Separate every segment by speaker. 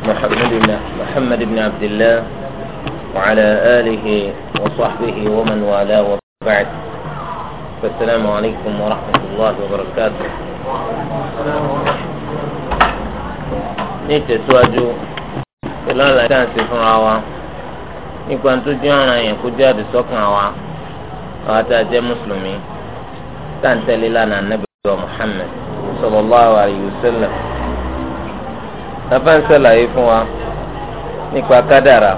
Speaker 1: محمد بن محمد
Speaker 2: بن عبد الله وعلى آله وصحبه ومن والاه وبعد فالسلام عليكم ورحمة الله وبركاته nítẹ̀síwájú pẹ̀lú àlàyé tá à ń ṣe fúnra wa nípa tó jẹ́ ọ̀ràn yẹn kó jẹ́ àdìsọ́kàn wa àwa tá a jẹ́ mùsùlùmí tá à ń tẹ̀lé lánàá nàbẹ̀wò Muhammad sallallahu alayhi wa sallam. bàbá ń sàlàyé fún wa nípa kádàrà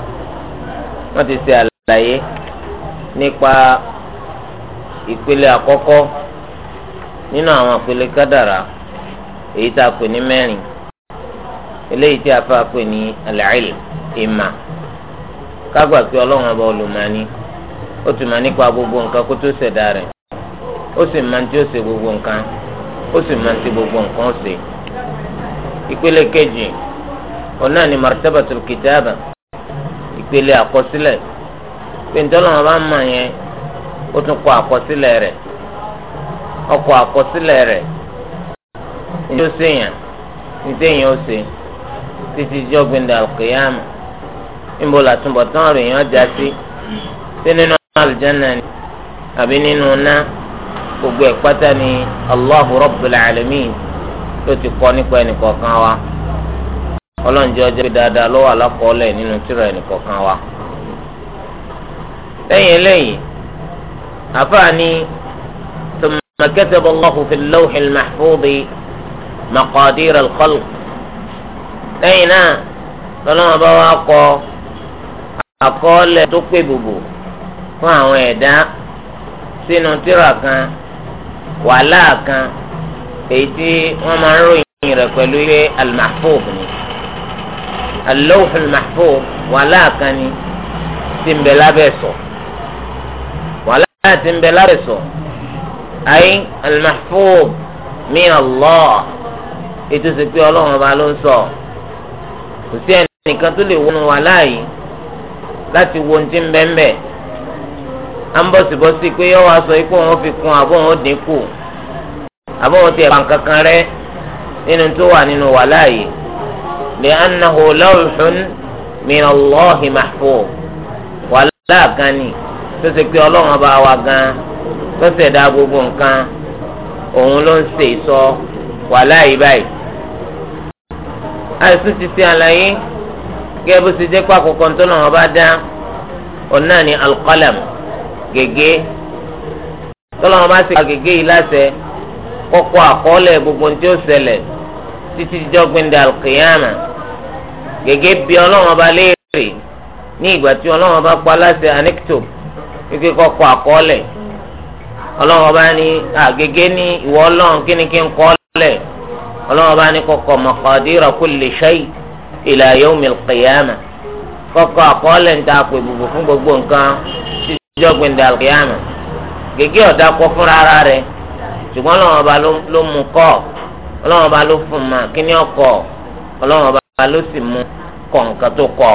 Speaker 2: wọ́n ti ṣe àlàyé nípa ìpele àkọ́kọ́ nínú àwọn ìpele kádàrà èyí tá a pè ní mẹ́rin eléyìí tí a fà pè ní al ìmà kágbà pé ọlọ́run ọba olùmọ̀ọ́ni ó ti mọ̀ nípa gbogbo nǹkan kó gbogbo nǹkan ó sì gbogbo nǹkan ó ṣe ìpele ọ̀nà ni martabatul kitaba ìpele àkọsílẹ̀ pé ntọ́lọ́wọ́n bá ń mọ̀ yẹn ó tún kọ àkọsílẹ̀ rẹ̀ ọkọ̀ àkọsílẹ̀ rẹ̀ ní sèyàn ní téèyàn ó se títí jọ́gbìndà al-qiyam níbo làtúbọ̀ tán rè yàn já sí sí nínú àlùjáná ni àbí nínú ná gbogbo ẹ̀ pátá ni Allahu Rabbul Alamin ló ti kọ́ nípa ẹnìkọ̀ọ̀kan wa. ọlọ́njẹ́ ọjọ́ dáadáa lọ́wọ́ alákọọ́lẹ̀ nínú tírà ẹnìkọ̀ọ̀kan wa. lẹ́yìn eléyìí àfààní thumma kataba Allahu fil lawhi al-mahfuz maqadir al-khalq. lẹ́yìn náà lọ́lọ́wọ́ bá wa kọ àkọọ́lẹ̀ tó pé bùbù fún àwọn ẹ̀dá sínú tírà kan wàhálà kan èyí tí wọ́n máa ń ròyìn rẹ̀ pẹ̀lú ilé al ni alawuhul mahfuz wàhálà kan ni tí ń bẹ lábẹ́ sọ wàhálà tí ń bẹ lábẹ́ sọ ayé al-mahfuz min Allah ètò ìsìnkú ọlọ́run ọba ló ń sọ kò sí ẹnìkan tó lè wọnú wàhálà yìí láti wo ohun tí ń bẹ ń bẹ à ń bọ̀sibọ́sí pé yọ wá sọ ipò wọn fi kún àbọ̀ wọn dín kù àbọ̀ wọn ti ẹ̀ pa nǹkan kan rẹ́ nínú tó wà nínú wàhálà yìí. لأنه لوح من الله محفوظ ولا كاني تسكت الله أبا وكان تسد أبو بنكان òun ló ń ṣe ìsọ wà láyé báyìí. àìsàn ti ṣe àlàyé gẹ́gẹ́ bó ṣe jẹ́ pé àkókò tó yìí láṣẹ kọ́kọ́ àkọọ́lẹ̀ gbogbo ó títí dijọ́ gbẹ̀ndẹ̀ alqiyama gẹ́gẹ́ bí ọlọ́wọ́n bá léèrè ní ìgbà tí ọlọ́wọ́n bá pa láṣẹ anikto kíkẹ́ kọ́kọ́ àkọọ́lẹ̀ ọlọ́wọ́n bá ní àgẹ́gẹ́ ní ìwọ ọlọ́run kíni kí n kọ́ọ́lẹ̀ ọlọ́wọ́n bá ní kọ́kọ́ maqadira kulli shay ila yawmil qiyama kọ́kọ́ àkọọ́lẹ̀ ń ta àpò ìbùbù fún gbogbo nǹkan títí dijọ́ gbẹ̀ndẹ̀ alqiyama gẹ́gẹ́ ọ̀dà kọ́ fúnra rẹ̀ ṣùgbọ́n ọlọ́wọ́n bá ló mú kọ́ọ̀ ọlọ́run ọba ló fún ma kíní ọkọ ọlọ́run ọba ló sì mú kọ̀ nǹkan tó kọ̀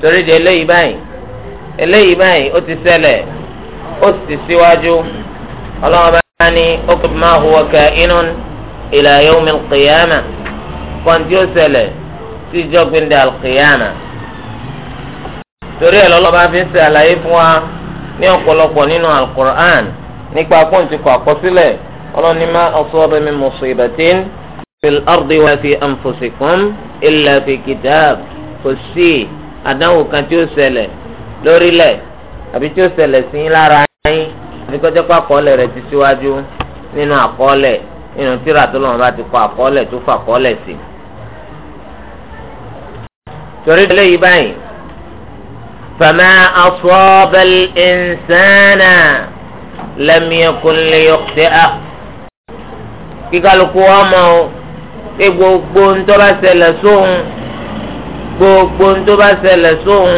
Speaker 2: torí de eléyìí báyìí eléyìí báyìí ó ti ṣẹlẹ̀ ó sì síwájú ọlọ́run ọba ní okùn máa huwa kainun ila yawmi al-qiyama kọ́ńtì ó ṣẹlẹ̀ sí ìjọ́gbìndà al torí ẹ̀ lọ́lọ́ba fi ń ṣe àlàyé fún wa ní ọ̀pọ̀lọpọ̀ nínú al nípa pọ́ǹtì kọ àkọsílẹ̀ ọlọ́run ní ma asaba min musibatin fil ardi wa fi anfusikum illa fi kitab kò sí àdánwò kan tí ó ṣẹlẹ̀ lórílẹ̀ àbí tí ó ṣẹlẹ̀ sí lára yín àbí kọjá kó àkọọ́lẹ̀ rẹ̀ ti síwájú nínú àkọọ́lẹ̀ nínú tírà tó lọ́wọ́ bá ti kọ àkọọ́lẹ̀ tó fà àkọọ́lẹ̀ sí. torí ilé yìí báyìí fama asaba al-insana lam yakun liyukhti'ah kí kálukú wa mọ̀ o pé gbogbo ń tó bá ṣẹlẹ̀ sóhun gbogbo ń tó bá ṣẹlẹ̀ sóhun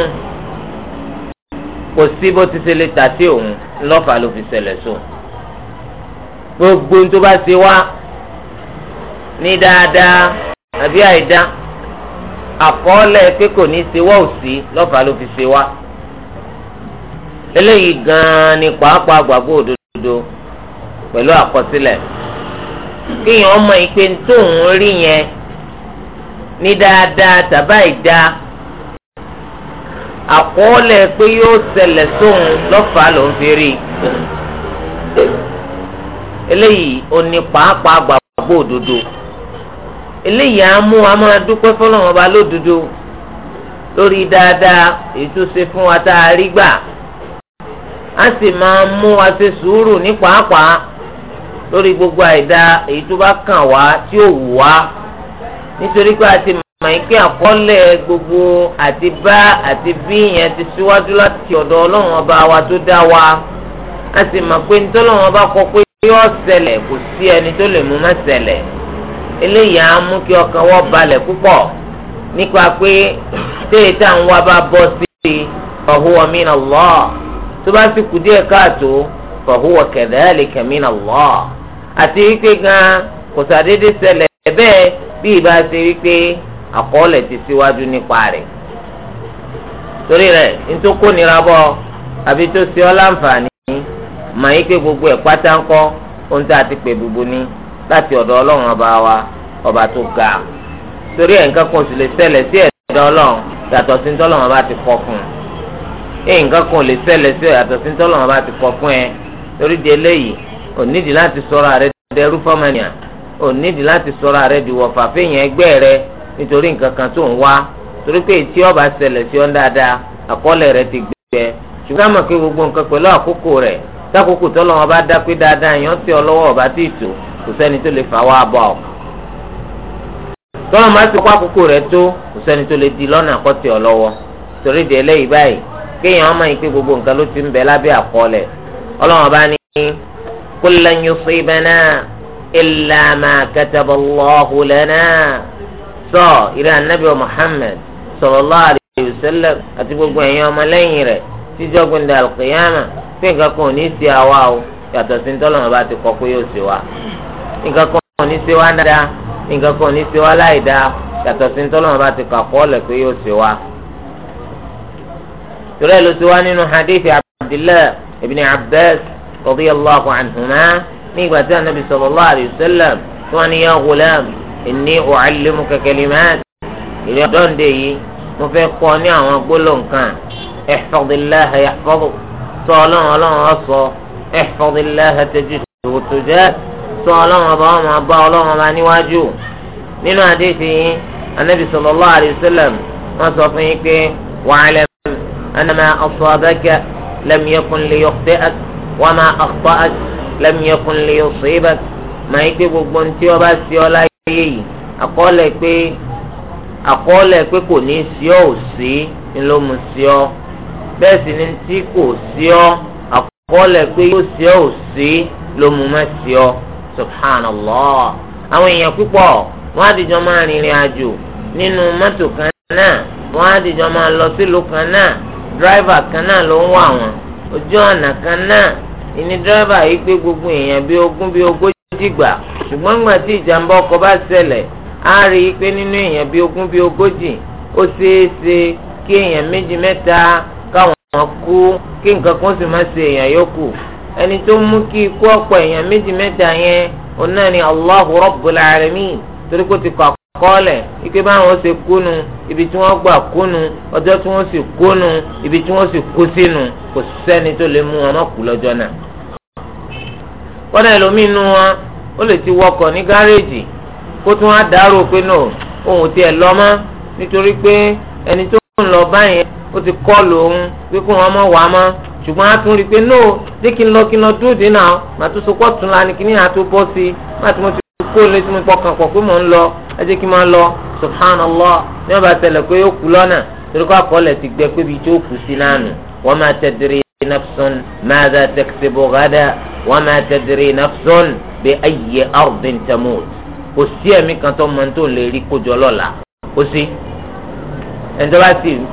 Speaker 2: kò sí bó ti ṣe lè tàtí òun lọ́fà ló fi ṣẹlẹ̀ sóhun gbogbo ń tó bá ṣe wá ní dáadáa àbí àìdá àkọọ́lẹ̀ pé kò ní ṣe wá òsì lọ́fà ló fi ṣe wá eléyìí gan-an ni pàápàá gbàgbọ́ òdodo pẹ̀lú àkọsílẹ̀ kéèyàn ọmọ ìpè tóun rí yẹn ní dáadáa tàbá ìdá àkọọ́lẹ̀ pé yóò ṣẹlẹ̀ sóun lọ́fàá ló ń fi rí eléyìí òní pàápàá gbàgbọ́ òdodo eléyìí á mú wa máa dúpẹ́ fọlọ́run ọba lódodo lórí dáadáa ètò ṣe fún wa tá a rí gbà á sì máa mú wa ṣe sùúrù ní pàápàá lórí gbogbo àìda èyí tó bá kàn wá tí ó wù wá nítorí pé àti màáké àkọọ́lẹ̀ gbogbo àti bá àti bí yẹn ti síwájú láti ọ̀dọ̀ ọlọ́run ọba wa tó dá wa a sì mọ̀ pé nítọ́lọ́run ọba kọ pé yóò ṣẹlẹ̀ kò sí ẹni tó lè mú má eléyìí á mú kí ọkàn wọn balẹ̀ púpọ̀ nípa pé téètà ń wá bá bọ́ sí fahuwa min Allah tó bá sì kù díẹ̀ káàtó fahuwa kadhalika min Allah àti wípé gan kò sàdédé ṣẹlẹ̀ bẹ́ẹ̀ bí ìbá ṣe wípé àkọọ́lẹ̀ ti síwájú nípa rẹ̀ torí rẹ̀ ntòkó nira bọ́ àbí tó ṣe ọ́ láǹfààní mà yí pé gbogbo ẹ̀ pátá ń kọ́ ohun tá a ti pè gbogbo ní láti ọ̀dọ̀ ọlọ́run ọba wa ọba tó ga torí ẹ̀ nǹkan kan sì lè ṣẹlẹ̀ sí ẹ̀dá ọlọ́run yàtọ̀ sí ntọ́lọ́run ọba ti kọ fún ẹ̀ nǹkan kan lè ṣẹlẹ̀ sí yàtọ̀ sí ntọ́lọ́run ọba ti kọ fún ẹ torí di eléyìí onidila láti sọ̀rọ̀ rẹ dẹrú fọ́mọnìyàn onídìí láti sọ̀rọ̀ rẹ di fẹ́yìn ẹgbẹ́ rẹ nítorí nǹkan kan tó ń wá torí pé tí ó ṣẹlẹ̀ sí ọ́n dáadáa àkọọ́lẹ̀ rẹ ti gbẹ e. ṣùgbọ́n àmọ̀ pé gbogbo nǹkan pẹ̀lú àkókò rẹ̀ sákòókò tọ́lọ́ wọn bá dá dada dáadáa èèyàn tí ọlọ́wọ́ ọba tí ìtò kò sẹ́ni tó lè fà wá ti kó di lọ́nà àkọ́tì ọlọ́wọ́ torí di eléyìí báyìí kullan yusibana illa ma kataballahu lana sọ ìrẹ anabi muhammed sallallahu alayhi wa sallam àti gbogbo ẹ̀yin ọmọlẹ́yìn rẹ̀ tíjọ́ gbẹ̀ndẹ̀ alqiyama pé nǹkan kan ò ní sí àwa o yàtọ̀ sí ntọ́lọ́mọ bá ti kọ́ pé yóò sí wa nǹkan kan ò ní sí wa dáadáa nǹkan kan ò ní sí wa láì dáa yàtọ̀ sí ntọ́lọ́mọ bá ti kọ́ àkọọ́lẹ̀ pé yóò sí wa. torí ẹ̀ ló ti wá nínú hadith abdullahi ibn abbas radiyallahu anhuma nígbà tí anabi sallallahu alayhi wa sallam tí wọ́n ní ya ghulam inni u'allimuka kalimat ìrẹ́ ọ̀dọ́ǹde yìí mo fẹ́ kọ́ ní àwọn gbólóǹkan ihfazillaha yahfazuk sọ ọlọ́run ọlọ́run ọ̀sọ́ ihfazillaha tajidhu tujah sọ ọlọ́run ọba ọmọ ọba ọlọ́run ọba níwájú nínú àdéhìí yìí anabi sallallahu alayhi wa sallam wọ́n sọ fún yín pé wa'lam annama asabaka lam yakun liyukhti'ak wa ma akhta'ak lam yakun li yusibak màá yí pé gbogbo ohun tí ọba sí ọ láyé yìí àkọọ́lẹ̀ pé àkọọ́lẹ̀ pé kò ní sí ọ ò sí ni ló mu sí ọ bẹ́ẹ̀ sì ni tí kò sí ọ àkọọ́lẹ̀ pé yóò sí ọ ò sí ló má sí ọ subhanallah àwọn èèyàn púpọ̀ wọ́n á dìjọ́ máa rìnrìn àjò nínú mọ́tò kan náà wọ́n á dìjọ́ máa lọ sílùú kan náà dráìvà ojú ọ̀nà kan náà ìní dírẹ́bà yìí gbé gbogbo èèyàn bíi ogún bíi ogójì gbà ṣùgbọ́n gbà tí ìjàmbá ọkọ̀ bá ṣẹlẹ̀ á rí i pé nínú èèyàn bíi ogún bíi ogójì ó kí èèyàn sì má kí ikú ọ̀pọ̀ ni kọ́lẹ̀ ike báwọn ṣe kúnu ibi tí wọ́n gbà kúnu ọjọ́ tí wọ́n sì kúnu ibi tí wọ́n sì kú sínú kò sẹ́ni tó lè mú wọn kú lọ́jọ́ náà. kọ́lẹ̀ ẹlòmíín nu wọn ó lè ti wọkọ̀ ní gáréèjì kó tún á dárò pé nà òun tiẹ̀ lọ mọ́ nítorí pé ẹni tó ń lọ báyẹn ó ti kọ́ọ̀lù òun pé kó wọn mọ̀ wá mọ́ ṣùgbọ́n a tún rí i pé no dé kí n lọ kí n lọ dúró dínà màtúnṣe kọ́ọ̀tún lánìí kí ní àtúbọ̀ kó lè tí mo pọkàn pọ̀ pé mò ń lọ ẹ jẹ́ kí n máa lọ subhanallah ní ọba tẹlẹ pé ó kú lọ́nà torí kó àkọọ́lẹ̀ ti gbẹ pé ibi tí ó kù sí nánu wa ma tadri nafsun madha taksibu ghadan wa ma tadri nafsun bi ayyi ardin tamut kò sí ẹ̀mí kan tó máa tó lè rí kójọ lọ́la kò sí ẹni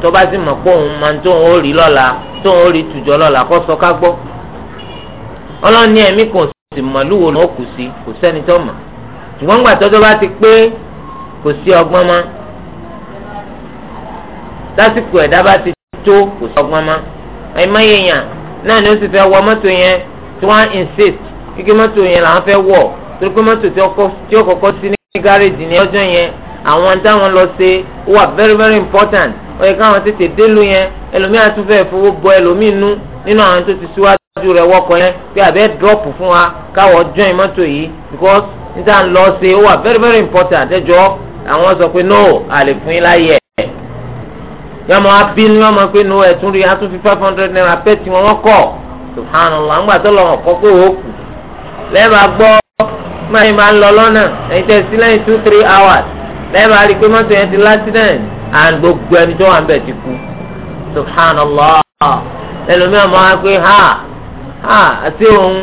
Speaker 2: tó mọ̀ pé òun máa tó òun rí lọ́la tó òun rí tùjọ lọ́la kó sọ ká gbọ́ ọlọ́ni ẹ̀mí kan sì màlúwo ló kù sí kò sẹ́ni tó mọ̀ ṣùgbọ́n ńgbà tọ́jọ́ bá ti pé kò sí ọgbọ́n mọ́ lásìkò ẹ̀dá bá ti tó kò sí ọgbọ́n mọ́ ẹ̀mọ́ yẹ̀yàn náà ni ó sì fẹ́ wọ mọ́tò yẹn tí wọ́n insist kíkẹ́ mọ́tò yẹn làwọn fẹ́ wọ̀ torí pé mọ́tò tí ó kọ́kọ́ sí ní gáréjì ní ọjọ́ yẹn àwọn táwọn lọ ṣe ó wà very very important ó yẹ káwọn tètè délu yẹn ẹlòmíà tún fẹ́ fowó bọ ẹlòmíì nú nínú àwọn tó ti síwájú rẹ̀ wọkọ̀ yẹn pé àbẹ́ drop fún wa káwọ́ join mọ́tò yìí because níta ń lọ sí ó wà very very important ẹjọ́ àwọn sọ pé no àlè fún yín láyè ẹ̀ yọmọ abínú yọmọ pé no ẹ̀tún rí atún fi five hundred naira pẹ́ tí wọ́n kọ̀ subhanallah ńgbà tó lọ́wọ́ kọ́ pé ó kù lẹ́ẹ̀bà gbọ́ máa yín máa ń lọ lọ́nà ẹ̀yin tẹ̀ sí lẹ́yìn two three hours lẹ́ẹ̀bà rí i pé mọ́tò yẹn ti l'accident and gbogbo ẹni tó wà ń bẹ̀ ti kú subhanallah ẹlòmíràn máa pé ha ha àti òun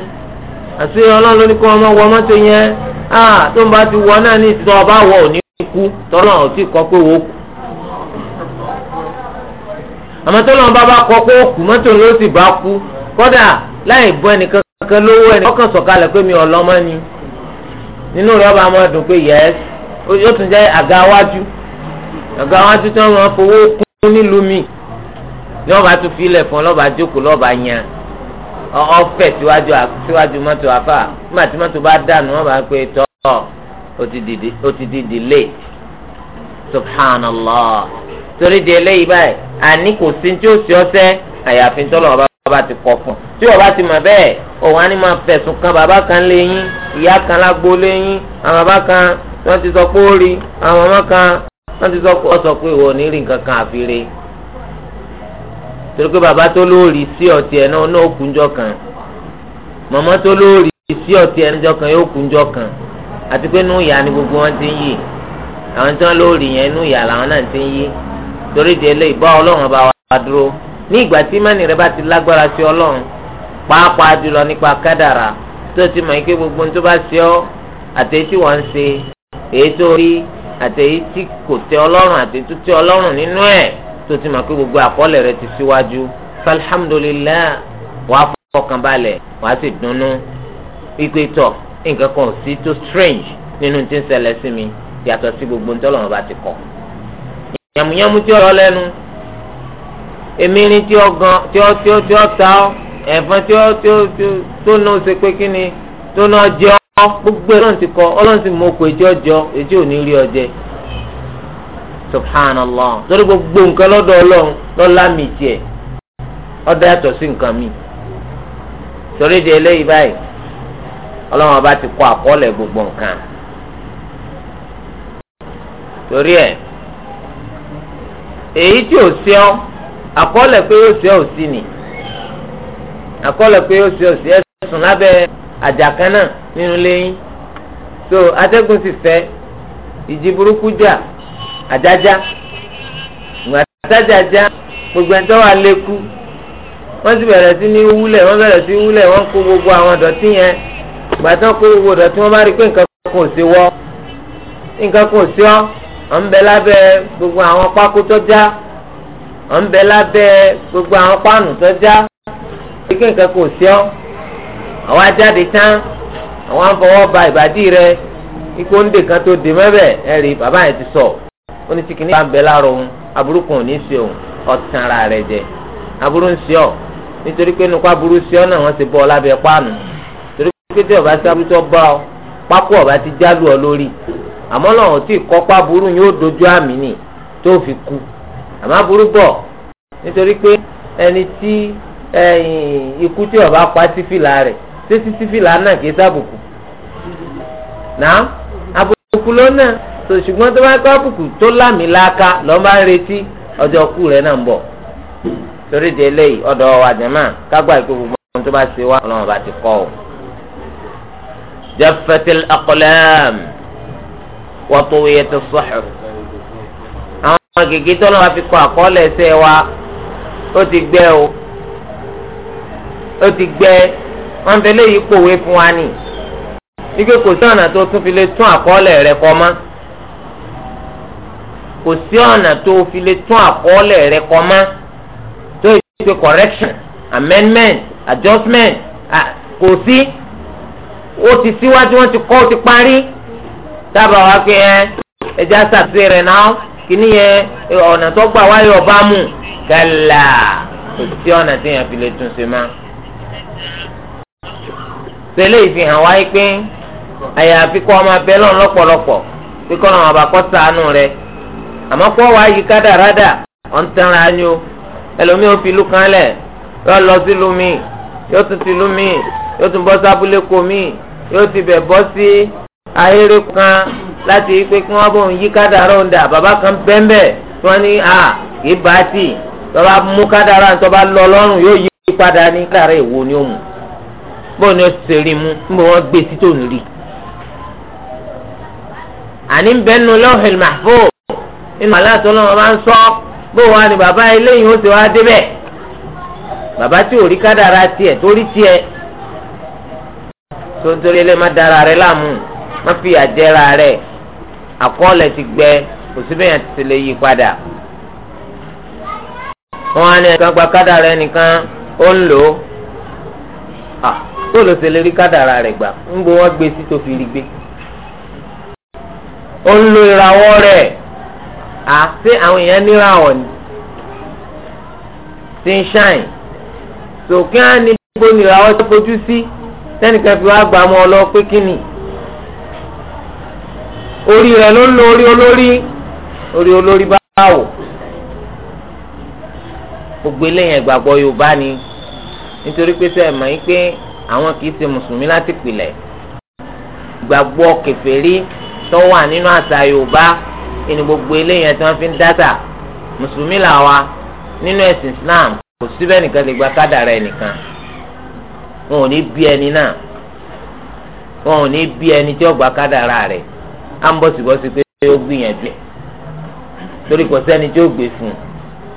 Speaker 2: àti ọlọ́run ló ní kó ọmọ wọ mọ́tò yẹn ah tó ń bá ti wọ náà ní ìtọ́ ọba wọ òní kú tọ́lọ́ ò tí kọ́ pé wò ó kú.
Speaker 1: àmọ́ tọ́lọ́ bá bá
Speaker 2: kọ́ pé ó kú mọ́tò ló sì bá kú kódà láì bọ́ ẹnìkan kankan lówó ẹnì ọkàn sọ̀kalẹ̀ pé mi ọlọ́mọ ni nínú rẹ̀ ọba máa dùn pé yẹ́s ó tún jẹ́ àga wájú àga wájú tí wọ́n máa fowó kún nílùú mi ni wọ́n bá tún fi ilẹ̀ fún ọ lọ́ba jókòó lọ́ba yan ọfẹ síwájú síwájú mọ́tò afa nígbà tí mọ́tò bá dànù wọn bá pé tọ ó ti di delay subhanallah torí di eléyìí báyìí àní kò sí tí ó sì ọsẹ àyàfi tọ́lọ̀ ọba bá ti kọ fún tí ọba ti mọ̀ bẹ́ẹ̀ òun á ní máa fẹ̀sùn kan bàbá kan léyìn ìyá kan lágbo léyìn àwọn bàbá kan wọ́n ti sọ pé ó rí àwọn màmá kan wọ́n ti sọ pé ìwọ ò ní rí nǹkan kan àfi rí i torí pé bàbá tó lóòrì sí ọ̀tí ẹ̀ náà náà kúnjọ́ kan màmá tó lóòrì sí ọ̀tí ẹ̀ níjọ́ kan yóò kúnjọ́ kan àti pé inú ìyá ni gbogbo wọn ti ń yè àwọn tí wọn lóòrì yẹn inú ìyá làwọn náà ti ń yè torí di eléyìí bá ọlọ́run bá wa dúró ní ìgbà tí mẹ́ni rẹ bá ti lágbára sí ọlọ́run pàápàá jùlọ nípa kádàrà tó ti mọ̀ ike gbogbo tó bá ṣe ọ́ àtẹ̀yí tí ṣe èyí tó rí àtẹ̀yí kò tẹ́ ọlọ́run àtẹ̀yí tó tẹ́ ọlọ́run nínú ẹ̀ tó ti mọ̀ pé gbogbo àkọọ́lẹ̀ rẹ ti síwájú falhamdulilayi wàá fọkàn balẹ̀ wàá sì dunnú wípé tọ̀ nǹkan kan sí tó strange nínú tí ń ṣẹlẹ̀ sí mi yàtọ̀ sí gbogbo ń tọ́lọ̀ wọn bá ti kọ̀. yàmùyàmù tí ó lẹ́nu èmi ni tí ó tí ó tí ó ta ọ́ ẹ̀fọn tí ó tí ó tí ó tó náà ṣe pé kí ni tó náà jẹ́ ọ́ gbogbo ẹ̀ lọ́n ti kọ́ ọlọ́run ti mọ okò èjì ọjọ́ èjì ò ní subhanallah torí gbogbo nǹkan lọ́dọ̀ ọlọ́run lọ́la mi tiẹ̀ ọ̀dà yàtọ̀ sí nǹkan mi torí di eléyìí báyìí ọlọ́run ọba ti kọ àkọọ́lẹ̀ gbogbo nǹkan torí ẹ èyí tí ò sí ọ àkọọ́lẹ̀ pé yóò sí ọ sí ni àkọọ́lẹ̀ pé yóò sí ọ sí ẹ̀sùn lábẹ́ àjàkánná nínú lẹ́yìn so atẹ́gùn sì fẹ́ ìjì burúkú jà. àjájá ìgbà tájájá gbogbo ẹni tó wà lẹ́kú wọ́n sì bẹ̀rẹ̀ sí ní wúlẹ̀ wọ́n bẹ̀rẹ̀ sí wúlẹ̀ wọ́n kó gbogbo àwọn dọ̀tí yẹn ìgbà tó kó gbogbo dọ̀tí wọ́n bá rí pé nǹkan kò sí wọ́ nǹkan kò sí ọ́ ọ̀ ń bẹ lábẹ́ gbogbo àwọn pákó tó já ọ̀ ń bẹ lábẹ́ gbogbo àwọn páànù tó já rí pé nǹkan kò sí ọ́ àwọn ajáde tán àwọn afọwọ́ ba ìbàdí rẹ ikú ń dè kan tó dè mẹ́bẹ̀ ẹ̀rí bàbá yẹn ti sọ̀rọ̀ ó ní tìkìní bá ń bẹ láàrọ̀ òun aburú kan ò ní sí òun ọ̀tàn ara rẹ̀ jẹ aburú ń sí ọ nítorí pé nukú aburú sí ọ náà wọ́n ti bọ́ ọ lábẹ́ páànù torí pé tí ọba sábú tó bá ọ pákó ọba ti jálù ọ lórí àmọ́ náà ò tí aburu kọ́pá yóò dojú àmì nì tó fi kú àmọ́ aburú bọ̀ nítorí pé ẹni tí ikú tí ọba pa sífìlà rẹ̀ ṣé sífìlà náà kì í sábùkù náà àbùkù lónà so ṣùgbọ́n tó bá kọ́ àbùkù tó lámì láka lọ́ọ́ bá ń retí ọjọ́ kú rẹ̀ náà ń bọ̀ torí de eléyìí ọ̀dọ̀ wa jẹ̀mọ́ kágbá ìkó gbogbo ohun tó bá ṣe wá ọlọ́run bá ti kọ́ ọ. jaffatil aqlam wa tuwiyatis suhuf. àwọn gègé tó lọ́wọ́ fi kọ́ àkọọ́lẹ̀ ẹsẹ̀ wa ó ti gbẹ o ó ti gbẹ wọ́n fi eléyìí pòwe fún wa nì. wípé kò sí ọ̀nà tó tún fi lè tún àkọọ́lẹ̀ rẹ̀ kọ́ mọ́ kò sí ọ̀nà tó o fi lè tún àkọọ́lẹ̀ rẹ kọ mọ́ tó yẹ pé correction amendment adjustment kò sí ó ti síwájú wọn ti kọ́ ó ti parí dábàá wá pé ẹ ẹja ṣàtúnṣe rẹ náà kìíní yẹn ọ̀nà tó gbà wáyé ọba mú gàlà kò sí ọ̀nà tí yẹn fi lè tún ṣe mọ́. tẹ́lẹ̀ ìfihàn wáyé pé àyàfi kọ́ ọmọ abẹ́ lọ́n lọ́pọ̀lọpọ̀ pé ọ̀nà àbàkọ́ sàánú rẹ̀ àmọ́ kọ́ wa yí kádàrádà ọ̀ ń tẹ́ra ni o ẹlòmíì ó fi ìlú kan lẹ̀ yóò lọ sí ìlú mi yóò tún ti ìlú mi yóò tún bọ́ sábúlé kò mi yóò ti bẹ̀ bọ́ sí ayére kan láti pé kí wọ́n bọ̀ ń yí kádàrá ń dà bàbá kan bẹ́ńbẹ́ tí wọ́n ní à kì bá tì tọ́ba mú kádàrá tọ́ba lọ lọ́rùn yóò yí padà ní kádàrá èwo ni ó mú bọ́ọ̀ ni ó ti rí mu ń bọ̀ wọ́n gbé sí tòun rí. àní ń bẹ́ẹ̀ nu lọ́hìn màfó nínú aláàtọ́ lọ́wọ́ máa ń sọ bó ni bàbá eléyìí ó ti wá débẹ̀ bàbá tí ò rí kádàrá tiẹ̀ tó rí tiẹ̀ tó ń torí ilé má dára rẹ láàmú má fi àjẹra rẹ àkọọ́lẹ̀ ti gbẹ kò lè yí padà wọn á ní gba kádàrá ẹnìkan ó ń lò ó tó ṣe lè rí kádàrá rẹ gbà ń àti àwọn èèyàn níràwọ̀ ni ti ń ṣàìn sòkè á ní gbogbo níràwọ̀ tó fojú sí sẹ́nìkan fi wá gbàmọ́ ọ lọ pé kí ni orí rẹ̀ ló ń lo orí olórí orí olórí báwò gbogbo eléyàn ìgbàgbọ́ Yorùbá ni nítorí pé sẹ́ẹ̀ mọ̀ yín pé àwọn kì í ṣe mùsùlùmí láti pìlẹ̀ ìgbàgbọ́ kèfèrí tó wà nínú àṣà Yorùbá ìní gbogbo eléyẹn tí wọ́n fi ń dátà mùsùlùmí làwa nínú ẹ̀sìn Islam kò síbẹ̀ nìkan lè gba kádàrá ẹnìkan wọn ò ní bí ẹni náà wọn ò ní bí ẹni tí ó gba kádàrá rẹ̀ á ń bọ̀ síbọ̀sí pé ó gbìyànjú ẹ̀ torí kò sẹ́ni tí ó gbé fún un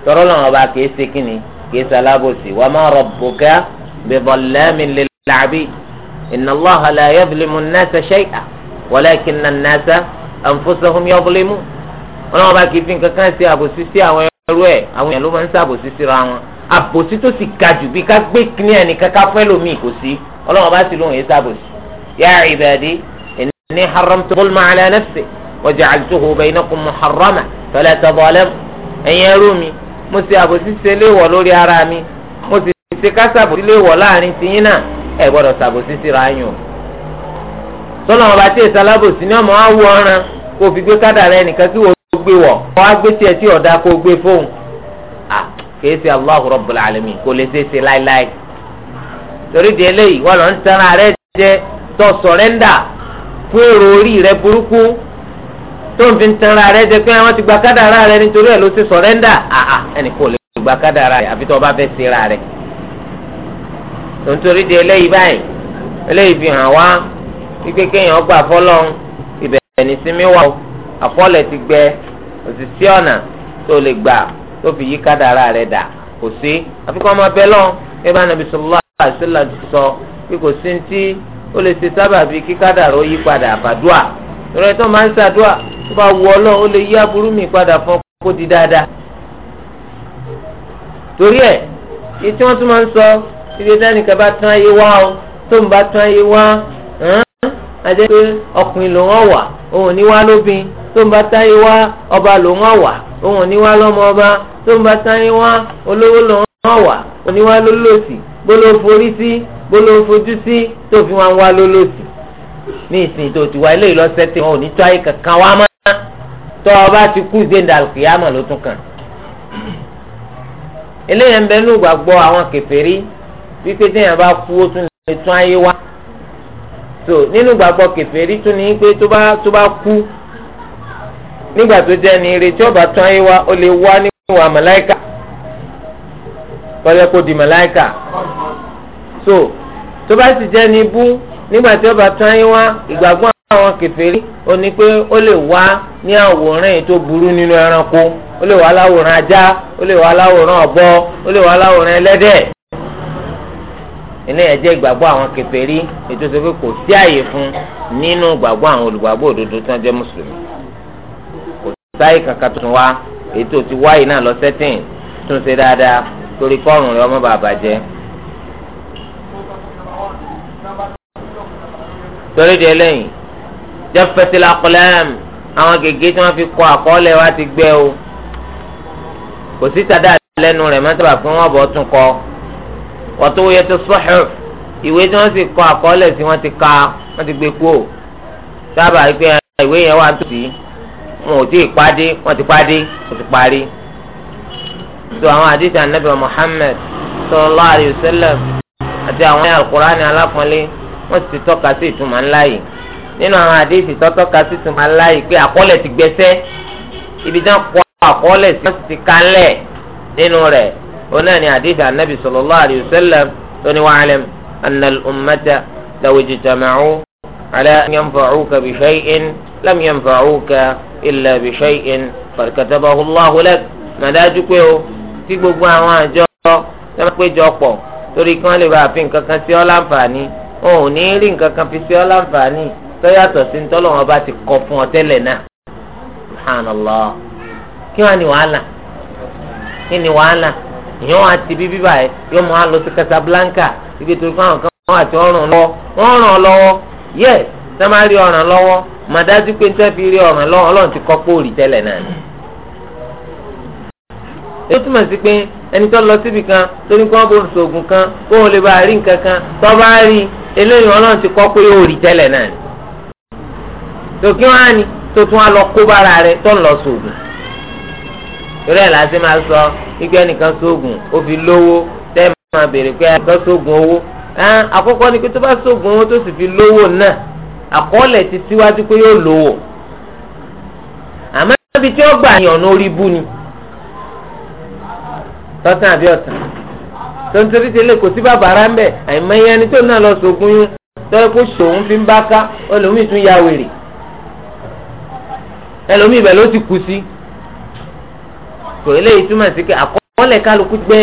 Speaker 2: tọrọ lọ́wọ́ ọba kìí ṣe kínni kìí ṣe alábòsí wa ma rabbuka bi dhallamin lil-'abid inna Allaha la yadhlimu an-nasa shay'an walakinna an-nasa anfusahum yadhlimun ọlọ́wọ́n bá kì í fi nǹkan kan ṣe àbòsí sí àwọn ẹrú ẹ̀ àwọn èèyàn ló máa ń ṣàbòsí síra wọn àbòsí tó sì ga jù bí ká gbé kíní ẹnìkan ká fẹ́ lómi kò sí ọlọ́wọ́n bá sì lóhùn yẹn ṣàbòsí. yá ibadi inni haramtu zulma ala nafsi wa ja'altuhu bainakum muharrama fala tadalamu ẹ̀yin ẹrú mi mo sì àbòsí ṣe léèwọ̀ lórí ara mi mo sì ṣe ká ṣàbòsí léèwọ̀ láàrin tiyín náà ẹ gbọ́dọ̀ ṣàbòsí síra yín o. sọlọ́wọ́n bá tí èsì alábòsí ní ọmọ wa wú ọ̀ràn kó fi gbé kádàrá ẹnìkan sí wò gbé wọ̀ kọ́ wá gbé tiẹ̀ tí ọ̀dà kó gbé fóun à kìí ṣe Allahu Rabbul Alamin kò lè ṣeé ṣe láéláé torí di eléyìí wọ́n lọ ń tan ara rẹ̀ jẹ tó sọ̀rẹ́ndà fún èrò orí rẹ̀ burúkú tó ń fi ń tan ara rẹ̀ jẹ pé wọ́n ti gba kádàrá rẹ̀ nítorí ẹ̀ ló ti sọ̀rẹ́ndà àà ẹnì kò lè gba kádàrá rẹ̀ àfi tó bá fẹ́ ṣe ra rẹ̀ nítorí di eléyìí báyìí eléyìí fi hàn wá wípé kéèyàn gbà fọlọ́n ibẹ̀ ẹ̀nìsinmi wà ó àkọọ́lẹ̀ ti gbẹ òsì sí ọ̀nà tó lè gbà tó fi yí kádàrá rẹ̀ dà kò sí àfikún ọmọ abẹ́ lọ́n ẹ̀bá nàbí sallallahu alaihi wasallam sọ pé kò sí ti ó lè ṣe sábàbí kí kádàrá ó yí padà àbàdúà ìrọ̀lẹ́ tó máa ń ṣàdúà tó bá wù Ọlọ́run ó lè yí aburú mi padà fún kó di dáadáa torí ẹ̀ èyí tí wọ́n tún máa ń sọ ibi dánìkan bá tán ayé wá o tó ń bá tán ayé wá àti pé ọkùnrin ló ń wà òun ní wá lóbin tó ń bá táyé wá ọba ló ń wà òun ní wá lọ́mọ ọba tó ń bá táyé wá olówó ló ń wà òun ní wá lólòsì gbóló forí sí gbóló fojú sí tó fi wá ń wá lólòsì ní ìsìn tó ti wá ilé ìlọsẹ tí wọn ò ní tó ayé kankan wá mọ́ tó ọba ti kú dénda kìámà ló tún kàn eléyàn bẹ́ẹ̀ ní ìgbàgbọ́ àwọn kèfèrí wípé téèyàn bá kú ó tún lè tún ayé wá so nínú gbàgbọ́ kèfèrí tún ní pé tó bá tó bá kú nígbà tó jẹ́ ní ire tí ọba tán yé wa ó lè wá níwà màláìkà kọ́lẹ́ di màláìkà so tó bá sì jẹ́ ní ibú nígbà tí ọba tán yé wa ìgbàgbọ́ àwọn kèfèrí ó ní pé ó lè wá ní àwòrán èyí tó burú nínú ẹranko ó lè wá láwòrán ajá ó lè wá láwòrán ọ̀bọ ó lè wá láwòrán ẹlẹ́dẹ̀ eléyà jẹ́ ìgbàgbọ́ àwọn kèfèrí ètò ìsọ pé kò sí àyè fún nínú ìgbàgbọ́ àwọn olùgbàgbọ́ òdodo tí wọ́n jẹ́ mùsùlùmí kò sáyè kankan tuntun wá ètò ti wáyé náà lọ sẹ́tìn tún ṣe dáadáa torí kọ́rùn rẹ ọmọ bàbà jẹ́. torí di eléyìí jẹ́fẹ̀tìlá kọlẹ́m àwọn gègé tí wọ́n fi kọ àkọọ́lẹ̀ wa ti gbẹ o kò sí tàdá lẹ́nu rẹ̀ mọ́tàbà fún wọn bọ̀ tún kọ́ watuyati suhuf ìwé tí wọ́n sì kọ àkọọ́lẹ̀ sí wọ́n ti ka wọ́n ti gbé kú o sábà pé ìwé yẹn wà tó sí wọn ò tí ì pàdé wọ́n ti pàdé wọ́n ti parí. so àwọn àdìsí anabi muhammed sallallahu alayhi wa sallam àti àwọn ẹ̀yà alukur'ani alápọ̀nlé wọ́n ti tọ́ka sí ìtumọ̀ ńlá yìí nínú àwọn àdìsí tọ́tọ́ka sí ìtumọ̀ ńlá yìí pé àkọọ́lẹ̀ ti gbẹ́sẹ́ ibi tí wọ́n kọ àkọọ́lẹ̀ sí wọ́n ti kalẹ̀ nínú rẹ̀ onáà ni àdéhùn anabi sallallahu alayhi wa sallam tóní wa'lam anna al-ummata law ijtama'u ala an yanfa'uka bi shay'in lam yanfa'uka illa bi shay'in qad katabahu Allahu lak màdájú pé o tí gbogbo àwọn àjọ ṣe máa péjọ pọ̀ torí kí wọ́n lè bá fi nǹkan kan sí ọ láǹfààní o ò ní rí nǹkan kan fi sí ọ láǹfààní tó yàtọ̀ sí ntọ́lọ̀ wọn bá ti kọ fún ọ tẹ́lẹ̀ náà subhanallah kí wọ́n ní wàhálà kí ni wàhálà ìyẹn wọn àti bíbí báyìí yóò mọ àlọ sí Casablanca ibi tó fún àwọn kan wọn àti ọràn lọ́wọ́ wọn ràn lọ́wọ́ yẹ sẹmá rí ọràn lọ́wọ́ màdájú pé níta fi rí ọràn lọ́wọ́ Ọlọ́run ti kọ póòlì tẹ́lẹ̀ náà ni. èyí túmọ̀ sí pé ẹni tó lọ síbi kan tó ní kí wọ́n bóun sògùn kan kó o lè bá rí nǹkan kan tó bá rí eléyìí Ọlọ́run ti kọ pé yóò rí tẹ́lẹ̀ náà ni. tòkí wọn á ní tó tún á lọ kó bára rẹ tó ń lọ sògùn torí ẹ̀ la ṣe máa sọ ikú ẹnìkan sóògùn ó lówó tẹ́ máa béèrè pé ẹnìkan sóògùn owó ẹn àkọ́kọ́ ni pé tó bá sóògùn owó tó sì fi lówó náà àkọọ́lẹ̀ ti síwájú pé yóò lówó àmọ́ ibi tí ó gbà yàn lórí bú ni tọ́tàn àbí ọ̀tàn tontori tẹ́lẹ̀ kò sí bàbá ara ń bẹ̀ àìmọye ẹni tó náà lọ sóògùn yún tọ́lẹ̀ kó sòun fi ń bá ká ẹlòmíì tún ya wèrè ẹlòmíì bẹ̀ ló ti kú sí tó eléyìí túmọ̀ sí pé àkọọ́lẹ̀ kálukú gbé